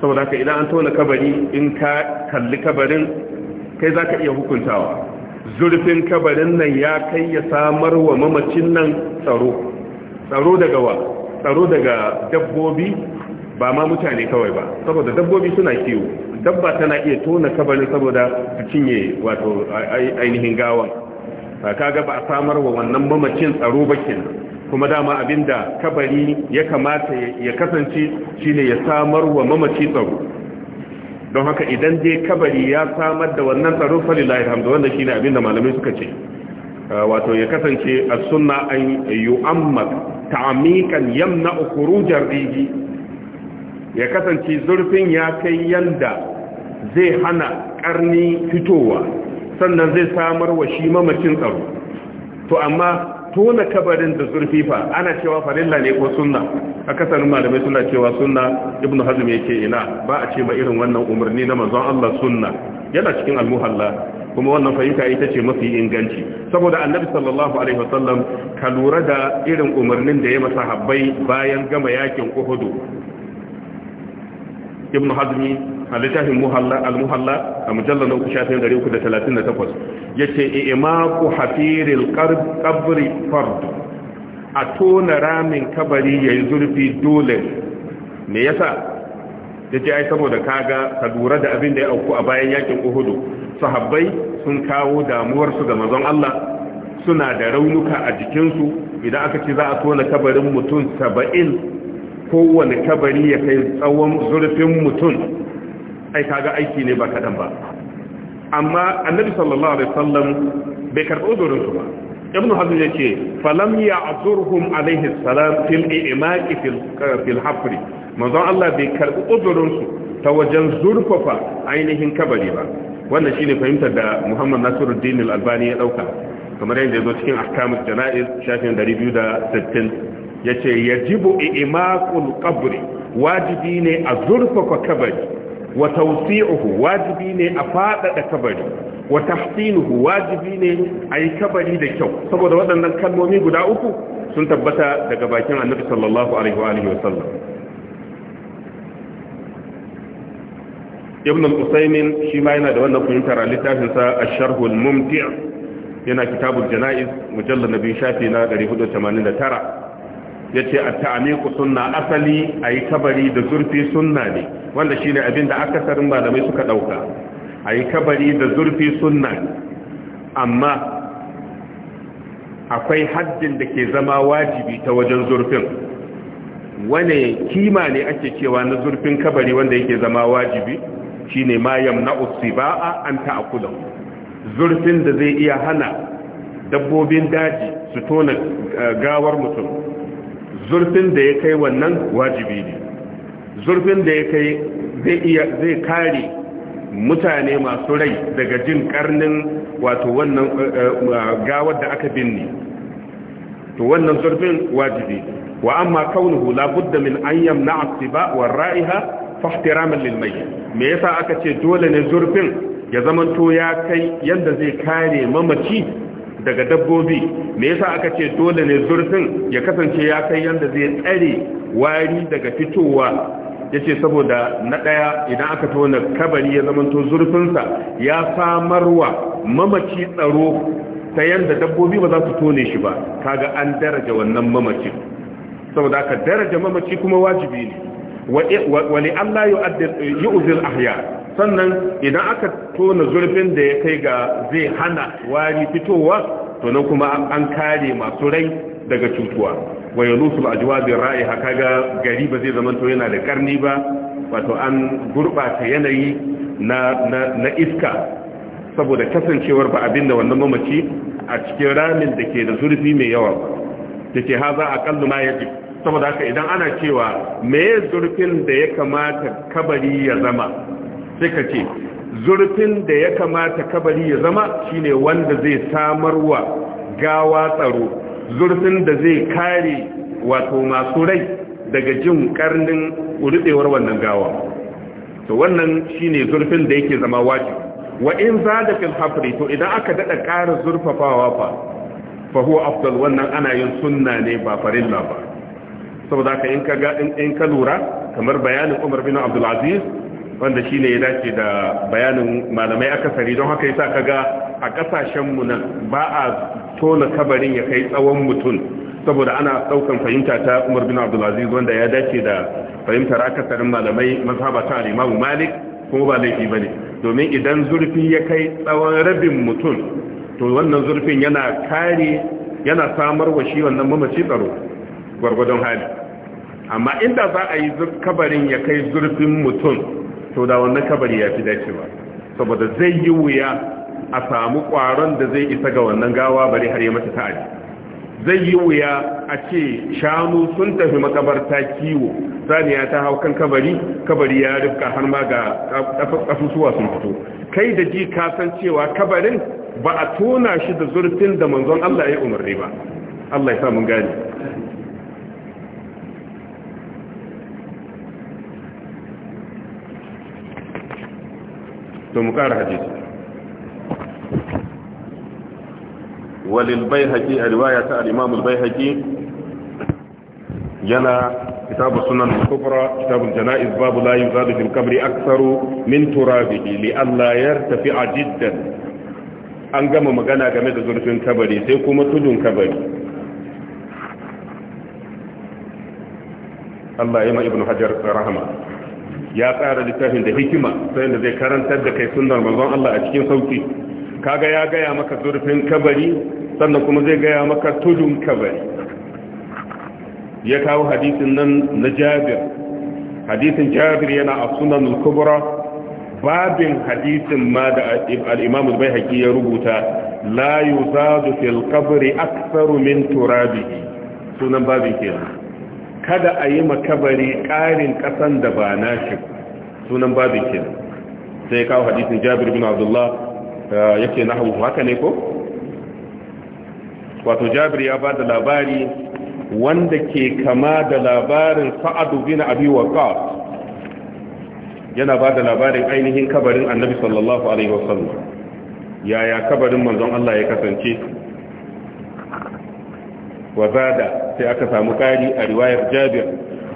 saboda ka idan an tona kabari in ka kalli kabarin kai za ka iya hukuntawa zurfin kabarin nan ya kai ya samar wa mamacin nan tsaro tsaro daga wa tsaro daga dabbobi ba ma mutane kawai ba saboda dabbobi suna kiwo dabba tana iya tona kabarin saboda su cinye wato ainihin gawan kaga ba a samar wa wannan mamacin tsaro ba kuma dama abinda kabari ya kamata ya kasance shine ya samar wa mamaci tsaro don haka idan dai kabari ya samar da wannan tsaro falilahi hamdu wanda shine abinda malamai suka ce wato ya kasance as-sunna an yu'ammak ta'mikan yamna khurujar riji ya kasance zurfin ya kai yanda zai hana karni fitowa sannan zai samar wa shi mamacin tsaro to amma tona kabarin da zurfi fa ana cewa farilla ne ko sunna akasarin malamai suna cewa sunna ibnu hazm yake ina ba a ce ma irin wannan umarni na manzon Allah sunna yana cikin almuhalla kuma wannan fahimta ita ce mafi inganci saboda annabi sallallahu alaihi wasallam ka lura da irin umarnin da ya masa habbai bayan gama yakin Uhud ibn hazmi a littafin muhalla al-muhalla a mujallar na uku shafin gare ya ce imaku hafiril kabri fard a tona ramin kabari ya yi zurfi dole me yasa ya ce ai saboda kaga ka lura da abin da ya auku a bayan yakin uhudu sahabbai sun kawo damuwarsu ga mazan allah suna da raunuka a jikinsu idan aka ce za a tona kabarin mutum saba'in kowane kabari ya kai tsawon zurfin mutum ai kaga aiki ne ba kaɗan ba amma annabi sallallahu alaihi wasallam bai karɓi uzurinsu ba ibnu hazm ce falam ya'zurhum alaihi salam fil i'maq fil fil hafri manzon Allah bai karɓi uzurinsu ta wajen zurfafa ainihin kabari ba wannan shine fahimtar da Muhammad Nasiruddin Al-Albani ya dauka kamar yadda ya zo cikin ahkamul jana'iz shafin 260 ya ce yace yajibu i'maqul kabri wajibi ne a zurfafa kabari wa tawsi'uhu wajibi ne a fadada kabari wa tahsinuhu wajibi ne a yi kabari da kyau saboda waɗannan kalmomi guda uku sun tabbata daga bakin annabi sallallahu alaihi wa sallam ibn al-usaymin shi ma yana da wannan fahimtar a littafin sa ash-sharh al-mumti' yana kitabul janaiz mujallad nabi shafi na 489 ya ce a ta'amiku sunna asali a yi kabari da zurfi sunna ne wanda shi ne abinda akasarin malamai suka ɗauka a yi kabari da zurfi sunna ne amma akwai haddin da ke zama wajibi ta wajen zurfin wane kima ne ake cewa na zurfin kabari wanda yake zama wajibi shi ne ma yamna usiba'a an ta'akulan zurfin da zai iya hana dabbobin daji su tona eh, gawar mutum zurfin da ya kai wannan wajibi ne zurfin da ya kai zai kare mutane masu rai daga jin karnin wato wannan eh, eh, eh, gawar da aka binne to wannan zurfin wajibi wa amma kaunuhu labudda min an yamna asiba wa ra'iha ihtiraman lil mayyit me yasa aka ce dole ne zurfin ya zamanto ya kai yanda zai kare mamaci daga dabbobi me yasa aka ce dole ne zurfin ya kasance ya kai yanda zai tsare wari daga fitowa yace saboda na daya idan aka tona kabari ya zamanto zurfinsa ya samarwa mamaci tsaro ta yanda dabbobi ba za su tone shi ba kaga an daraja wannan mamaci saboda aka daraja mamaci kuma wajibi ne wa li Allah yu'addil yu'zil ahya sannan idan aka tona zurfin da ya kai ga zai hana wari fitowa to nan kuma an kare masu rai daga cutuwa wa yalusul ajwabir ra'i haka ga gari ba zai zama to yana da karni ba wato an gurbata yanayi na na iska saboda kasancewar ba abin da wannan mamaci a cikin ramin da ke da zurfi mai yawa da ke haza aƙallu ma ya saboda haka idan ana cewa me zurfin da ya kamata kabari ya zama sai ka ce zurfin da ya kamata kabari ya zama shine wanda zai samarwa gawa tsaro zurfin da zai kare wato masu rai daga jin karnin rubewar wannan gawa to wannan shine zurfin da yake zama wajibi wa in zada fil hafri to idan aka dada karin zurfafawa fa fa huwa afdal wannan ana yin sunna ne ba farilla ba saboda ka in ka ga in ka lura kamar bayanin Umar bin Abdul Aziz wanda shine ya dace da bayanin malamai akasari don haka yasa kaga a kasashen mu nan ba a tona kabarin ya kai tsawon mutum saboda ana daukan fahimta ta Umar bin Abdul Aziz wanda ya dace da fahimtar akasarin malamai mazhaba ta Imam Malik kuma ba laifi bane domin idan zurfi ya kai tsawon rabin mutum to wannan zurfin yana kare yana samar wa shi wannan mamaci tsaro gwargwadon hali amma inda za a yi kabarin ya kai zurfin mutum to da wannan kabari ya fi dacewa saboda zai yi wuya a samu kwaron da zai isa ga wannan gawa bari har ya mata ta'adi zai yi wuya a ce shanu sun tafi makabarta kiwo saniya ta hau kan kabari kabari ya rufka har ma ga kasusuwa sun fito kai da ji ka san cewa kabarin ba a tona shi da zurfin da manzon Allah ya umarni ba Allah ya sa mun gane to mu ƙara hadisi walil bai a riwaya ta al'imamul bai haƙi yana kitabu sunan kubra kitabun jana'iz babu layu zaɗu fil aksaru min turabihi li Allah ya tafi jiddan an gama magana game da zurfin kabari sai kuma tudun kabari Allah ya ma ibn hajar rahama ya tsara littafin da hikima sai da zai karantar da kai sunnar manzon Allah a cikin sauki kaga ya gaya maka zurfin kabari sannan kuma zai gaya maka tudun kabari ya kawo hadisin nan na Jabir hadisin Jabir yana a sunan al-kubra babin hadisin ma da al-Imam al-Baihaqi ya rubuta la yuzadu fil qabri aktharu min turabihi sunan babin kenan kada a yi makabari ƙarin ƙasan da ba shi sunan babin ke sai kawo hadisin jabir bin abdullah eh, yake na hau haka ne ko? wato jabir ya ba da labari wanda ke kama da labarin sa'adu bin abi waqas yana ba da labarin ainihin kabarin annabi sallallahu alaihi wasallam yaya kabarin manzon Allah ya kasance wa zada sai aka samu kari a riwayar jabir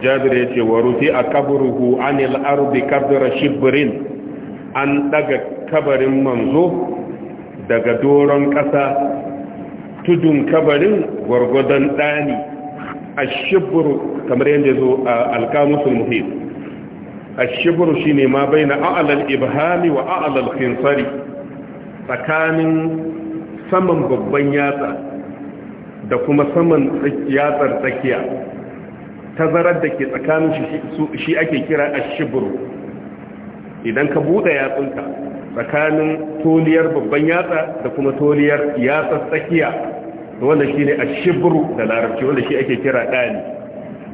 jabir ya ce wa rufi a kaburuhu anil ardi kabdara shibrin an daga kabarin manzo daga doron ƙasa tudun kabarin gwargwadon ɗani a shibiru, kamar yadda zo a alkamusul muhim a shibiru shi ne ma bai na a'alal ibhami wa a'alal khinsari tsakanin saman babban yatsa da kuma saman yatsar tsakiya tazarar da ke tsakanin shi ake kira ashibru idan ka buɗe yatsunka tsakanin toliyar babban yatsa da kuma toliyar yatsar tsakiya wanda shi ne ashibru da larabci wanda shi ake kira ɗani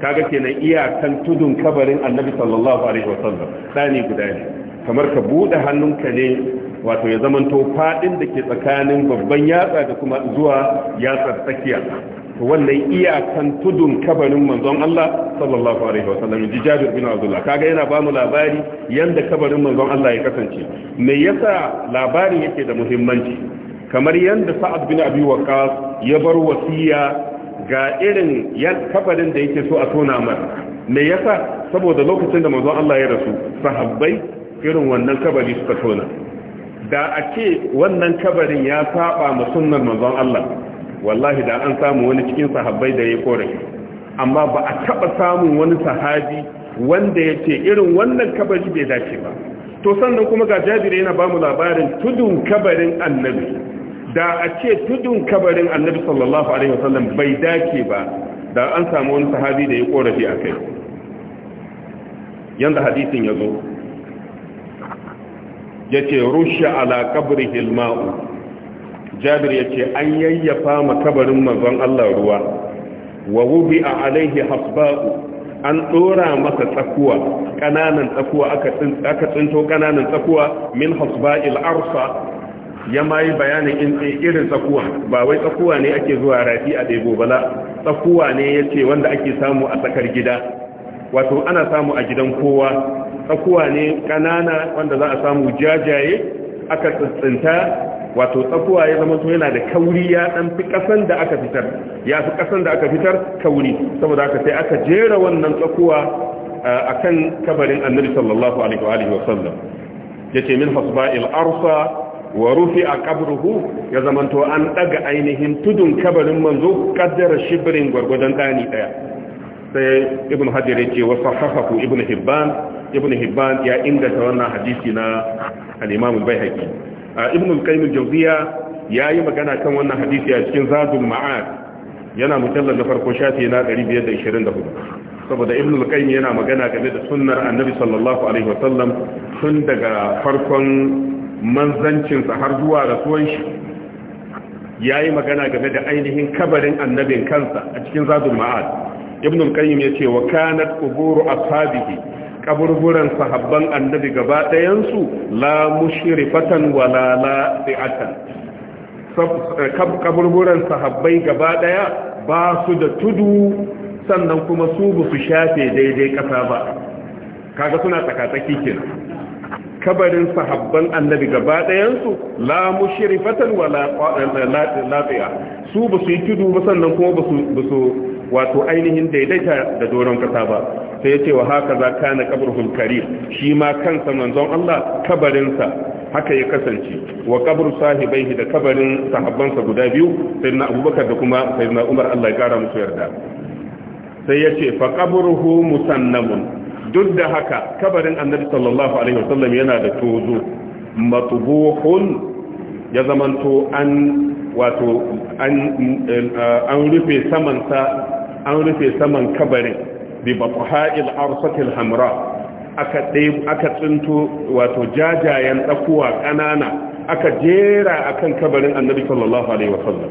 kaga kenan iyakan tudun kabarin annabi sallallahu alaihi wasallam ɗani guda ne kamar ka buɗe hannunka ne wato ya zamanto fadin da ke tsakanin babban yatsa da kuma zuwa yatsar tsakiya wannan iyakan tudun kabarin manzon Allah sallallahu alaihi wasallam ji Jabir bin Abdullah kaga yana ba mu labari yanda kabarin manzon Allah ya kasance me yasa labarin yake da muhimmanci kamar yanda Sa'ad bin Abi Waqqas ya bar wasiya ga irin kabarin da yake so a tona mar me yasa saboda lokacin da manzon Allah ya rasu sahabbai irin wannan kabari suka tona da a ce wannan kabarin ya saba ma sunnar manzon Allah wallahi da an samu wani cikin sahabbai da ya kore amma ba a taba samun wani sahabi wanda ya ce irin wannan kabari bai dace ba to sannan kuma ga jabiri yana ba mu labarin tudun kabarin annabi da a ce tudun kabarin annabi sallallahu alaihi wasallam bai dace ba da an samu wani sahabi da ya kore a kai yanda hadisin ya zo yace rusha ala qabrihi hilma'u. jabir yace an yayyafa ma kabarin Allah ruwa wa a alaihi hasba'u an tsora masa tsakuwa kananan tsakuwa aka tsinto kananan tsakuwa min hasba'il arsa ya mayi bayanin in irin tsakuwa ba wai tsakuwa ne ake zuwa rafi a ɗebo bala tsakuwa ne yace wanda ake samu a tsakar gida wato ana samu a gidan kowa tsakuwa ne kanana wanda za a samu jajaye aka tsintsinta wato tsakuwa ya zama yana da kauri ya dan fi kasan da aka fitar ya fi kasan da aka fitar kauri saboda aka sai aka jera wannan tsakuwa akan kabarin annabi sallallahu alaihi wa alihi wa sallam min hasba'il arsa wa a qabruhu ya zamanto an daga ainihin tudun kabarin manzo kaddara shibrin gurgudan dani daya sai ibn hajar ya ce wasu hafafu ibn hibban ibn hibban ya inganta wannan hadisi na al'imamun bai haƙi ibn al-qayyim jawziya ya yi magana kan wannan hadisi a cikin zadul ma'ad yana mujallar da farko shafi na 524 saboda ibn al-qayyim yana magana game da sunnar annabi sallallahu alaihi wa sallam tun daga farkon manzancinsa har zuwa rasuwan shi ya yi magana game da ainihin kabarin annabin kansa a cikin zadul ma'ad ibn al-qayyim yace wa kanat quburu ashabihi kaburburan sahabban annabi gaba ɗayan su la mushrifatan wala la'atan kaburburan sahabbai gaba ɗaya ba su da tudu sannan kuma su bu su shafe daidai ƙasa ba kaga suna tsakatsaki kenan kabarin sahabban annabi gaba dayansu la mushrifatan wala la lafiya su bu su yi tudu ba sannan kuma ba su wato ainihin daidaita da doron kasa ba sai yace wa haka za kana qabruhum karim shi ma kansa manzon Allah kabarinsa haka ya kasance wa qabru sahibaihi da kabarin sahabbansa guda biyu sayyidina Abubakar da kuma sayyidina Umar Allah ya kara musu yarda sai yace fa qabruhu musannamun duk da haka kabarin Annabi sallallahu alaihi wasallam yana da tozo matubuhun ya zamanto an wato an eh, rufe samansa an rufe saman kabarin bi baqha'il arsatil hamra aka aka tsinto wato jajayen tsakuwa kanana aka jera akan kabarin annabi sallallahu alaihi wasallam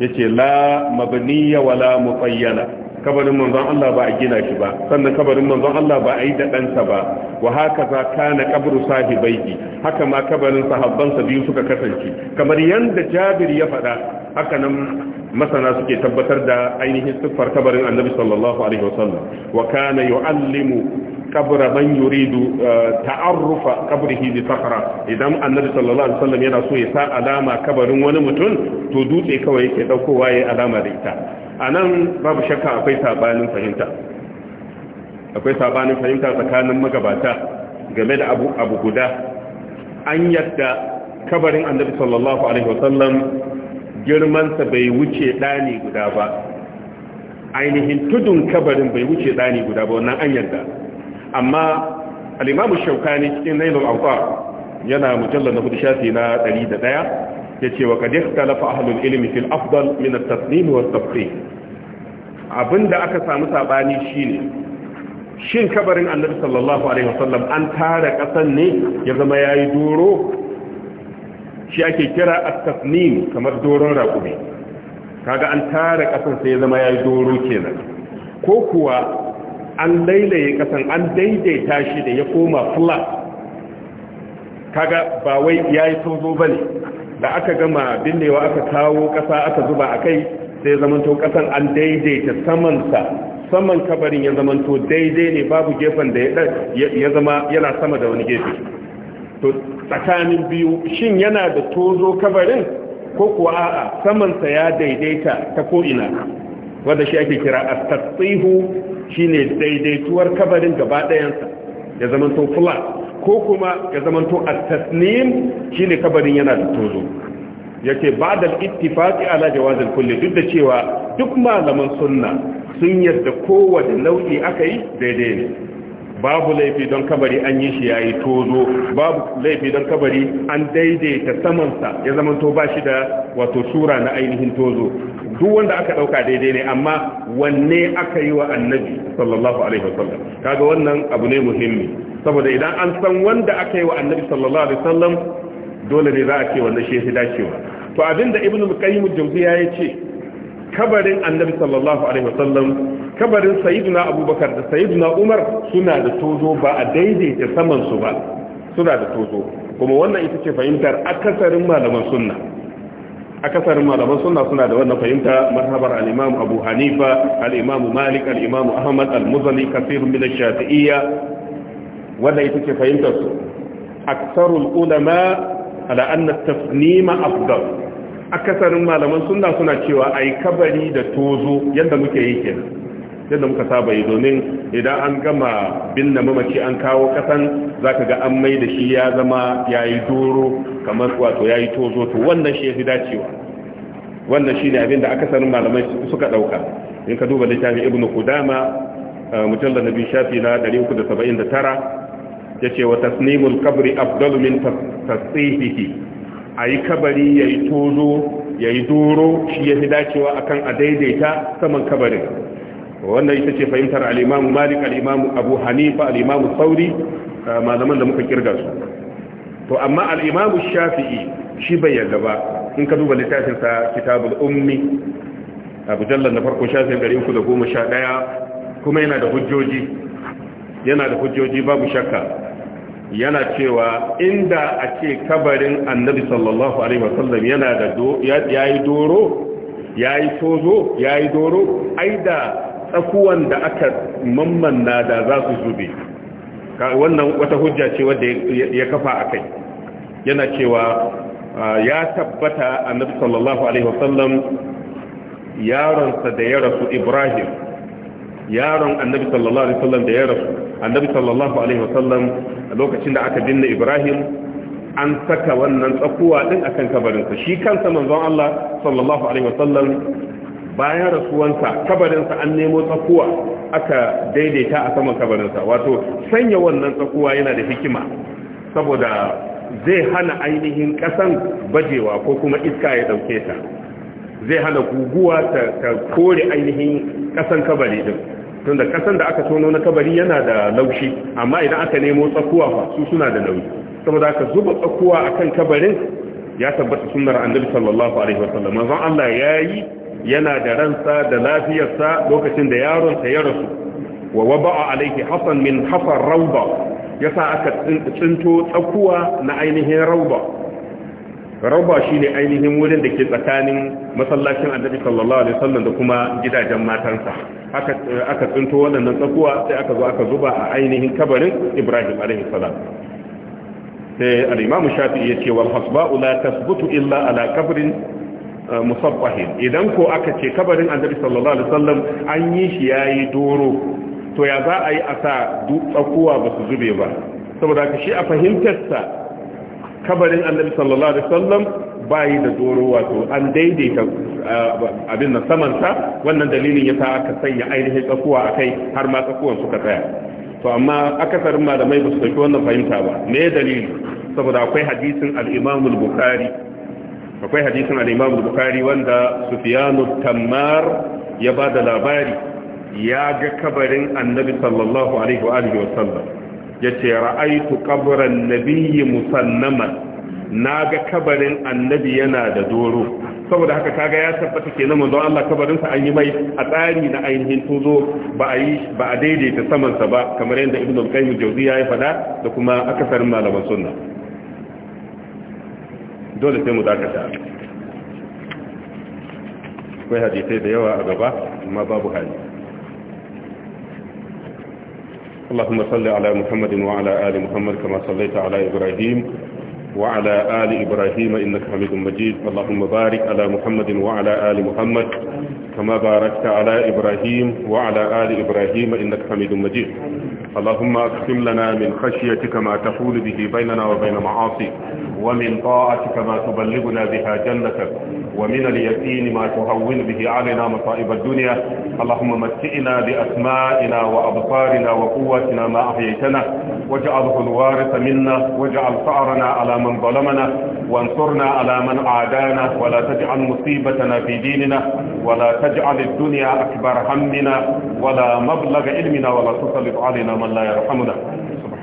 yace la mabniya wala mutayyana kabarin manzon Allah ba a gina shi ba sannan kabarin manzon Allah ba a yi da ɗansa ba wa haka za kana kabru sahibaiki haka ma kabarin sahabbansa biyu suka kasance kamar yanda Jabir ya faɗa haka nan masana suke tabbatar da ainihin siffar kabarin annabi sallallahu alaihi wasallam wa kana yu'allimu kabra man yuridu eh, ta'arrufa kabrihi bi sahra idan annabi sallallahu alaihi wasallam yana so ya sa alama kabarin wani mutum to dutse kawai yake daukowa yayin alama da ita anan babu shakka akwai sabanin fahimta akwai sabanin fahimta tsakanin magabata game da abu abu guda an yadda kabarin annabi sallallahu alaihi wasallam girmansa bai wuce ɗani guda ba ainihin tudun kabarin bai wuce ɗani guda ba wannan an yarda amma al'imamu shaukani cikin nailul alfa yana mujallar na hudu shafi na ɗari da ɗaya ya ce wa ka talafa ahalul ilimi fil afdal min at-tasnim wa at abinda aka samu sabani shine shin kabarin annabi sallallahu alaihi wasallam an tara kasan ne ya zama yayi doro shi ake kira at-tasnim kamar doron raƙumi kaga an tara kasan sai ya zama yayi doro kenan ko kuwa an lailaye kasan an daidaita shi da ya koma flat kaga ba wai yayi tozo bane da aka gama binnewa aka kawo kasa aka zuba akai sai ya zamanto kasan an daidaita samansa saman kabarin ya zamanto daidai ne babu gefen da ya zama yana sama da wani gefe tsakanin biyu shin yana da tozo kabarin ko kuwa a'a samansa ya daidaita ta ko'ina wadda shi ake kira a tattsihu shi ne daidaituwar kabarin gaba dayansa ya zamanto fula ko kuma ya zamanto a tasnim shi ne kabarin yana da tozo ya ce ba da ittifaki ala jawazin kulle duk da cewa duk malaman sunna sun yadda kowane nau'i aka yi daidai ne babu laifi don kabari an yi shi ya yi tozo babu laifi don kabari an daidaita samansa ya zamanto ba shi da wato sura na ainihin tozo duk wanda aka dauka daidai ne amma wanne aka yi wa annabi sallallahu alaihi wasallam kaga wannan abu ne muhimmi saboda idan an san wanda aka yi wa annabi sallallahu alaihi wasallam dole ne za a ce wannan shi ya dacewa to abinda ibnu qayyim al ya yace kabarin annabi sallallahu alaihi wasallam kabarin sayyiduna abubakar da sayyiduna umar suna da tozo ba a daidaita saman su ba suna da tozo kuma wannan ita ce fahimtar akasarin malaman sunna akasarin malaman sunna suna da wannan fahimta marhabar al-imam abu hanifa al-imam malik al-imam ahmad al-muzani kathirun min ash-shafi'iyya wannan ita ce fahimtar su aksarul ulama ala anna at-tasnim afdal akasarin malaman sunna suna cewa ai kabari da tozo yadda muke yi kenan yadda muka saba yi domin idan an gama binne mamaci an kawo kasan zaka ga an mai da shi ya zama yayi doro kamar wato yayi tozo to wannan shi yafi dacewa wannan ne abin da akasarin malamai suka ɗauka. in ka duba littafin Ibn Kudama, Mujallar nabi shafi na 379 yace wa tasnimul qabri afdalu min tasfihihi a yi kabari ya yi tozo ya yi doro shi ya fi dacewa akan a daidaita saman kabarin wannan ita ce fahimtar al'imamu malik al'imamu abu hanifa al'imamu sauri zaman da muka kirga su to amma al'imamu shafi'i shi bai ba in ka duba littafinsa kitabul ummi abu jallar na farko shafin 311 kuma yana da hujjoji yana da hujjoji babu shakka yana cewa inda a ce kabarin annabi sallallahu alaihi wasallam yana da yayi doro yayi tozo yayi doro aida tsakuwan da aka mammanna da za su zube wannan wata hujja ce wadda ya kafa akai yana cewa ya tabbata annabi sallallahu alaihi wasallam yaronsa da ya rasu Ibrahim yaron annabi sallallahu alaihi wasallam da ya rasu annabi sallallahu alaihi wasallam a lokacin da aka binne ibrahim an saka wannan tsakuwa din akan kabarinsa shi kansa manzon Allah sallallahu alaihi wasallam bayan rasuwansa kabarinsa an nemo tsakuwa aka daidaita a saman kabarinsa wato sanya wannan tsakuwa yana da hikima saboda zai hana ainihin kasan bajewa ko kuma iska ya dauke ta zai hana guguwa ta kore ainihin kasan kabari din tunda kasan da aka tono na kabari yana da laushi amma idan aka nemo tsakuwa fa su suna da nauyi saboda aka zuba tsakuwa akan kabarin ya tabbata sunnar annabi sallallahu alaihi wasallam manzon Allah yayi yana da ransa da lafiyarsa lokacin da yaron sa ya rasu wa waba'a alaihi hasan min hafar rauba yasa aka tsinto tsakuwa na ainihin rauba rauba shine ainihin wurin da ke tsakanin masallacin annabi sallallahu alaihi wasallam da kuma gidajen matansa aka tsinto waɗannan tsakuwa sai aka zo aka zuba a ainihin kabarin ibrahim alaihi salam sai al-imam shafi'i yace hasba'u la illa ala kabrin uh, musabbahin idan ko aka ce kabarin annabi sallallahu alaihi wasallam an yi shi yayi doro to ya za a yi a sa tsakuwa ba su zube ba saboda ka shi a fahimtarsa kabarin annabi sallallahu alaihi wasallam bayi da doro wato an daidaita uh, abin saman samansa wannan dalilin ya sa aka sanya ainihin tsakuwa a kai har ma tsakuwan suka tsaya to amma akasarin malamai ba su ɗauki wannan fahimta ba me dalili saboda akwai hadisin al'imamul bukari akwai hadisin al'imamul bukari wanda sufiyanu tammar ya ba da labari ya ga kabarin annabi sallallahu alaihi wa alihi wa sallam yace ra'aytu qabran nabiyyi musannaman na ga kabarin annabi yana da doro saboda haka kaga ya tabbata kenan manzon Allah kabarinsa an yi mai a tsari na ainihin tozo ba a yi ba a daidaita samansa ba kamar yadda Ibn al-Qayyim Jawziya ya faɗa da kuma akasarin malaman sunna dole sai mu dakata akwai hadisai da yawa a gaba amma babu hali اللهم صل على محمد وعلى آل محمد كما صليت على إبراهيم وعلى آل إبراهيم إنك حميد مجيد اللهم بارك على محمد وعلى آل محمد كما باركت على إبراهيم وعلى آل إبراهيم إنك حميد مجيد اللهم أقسم لنا من خشيتك ما تحول به بيننا وبين معاصيك ومن طاعتك ما تبلغنا بها جنتك ومن اليقين ما تهون به علينا مصائب الدنيا اللهم متئنا بأسمائنا وأبصارنا وقوتنا ما أحييتنا واجعله الوارث منا واجعل ثأرنا على من ظلمنا وانصرنا على من عادانا ولا تجعل مصيبتنا في ديننا ولا تجعل الدنيا أكبر همنا ولا مبلغ علمنا ولا تسلط علينا من لا يرحمنا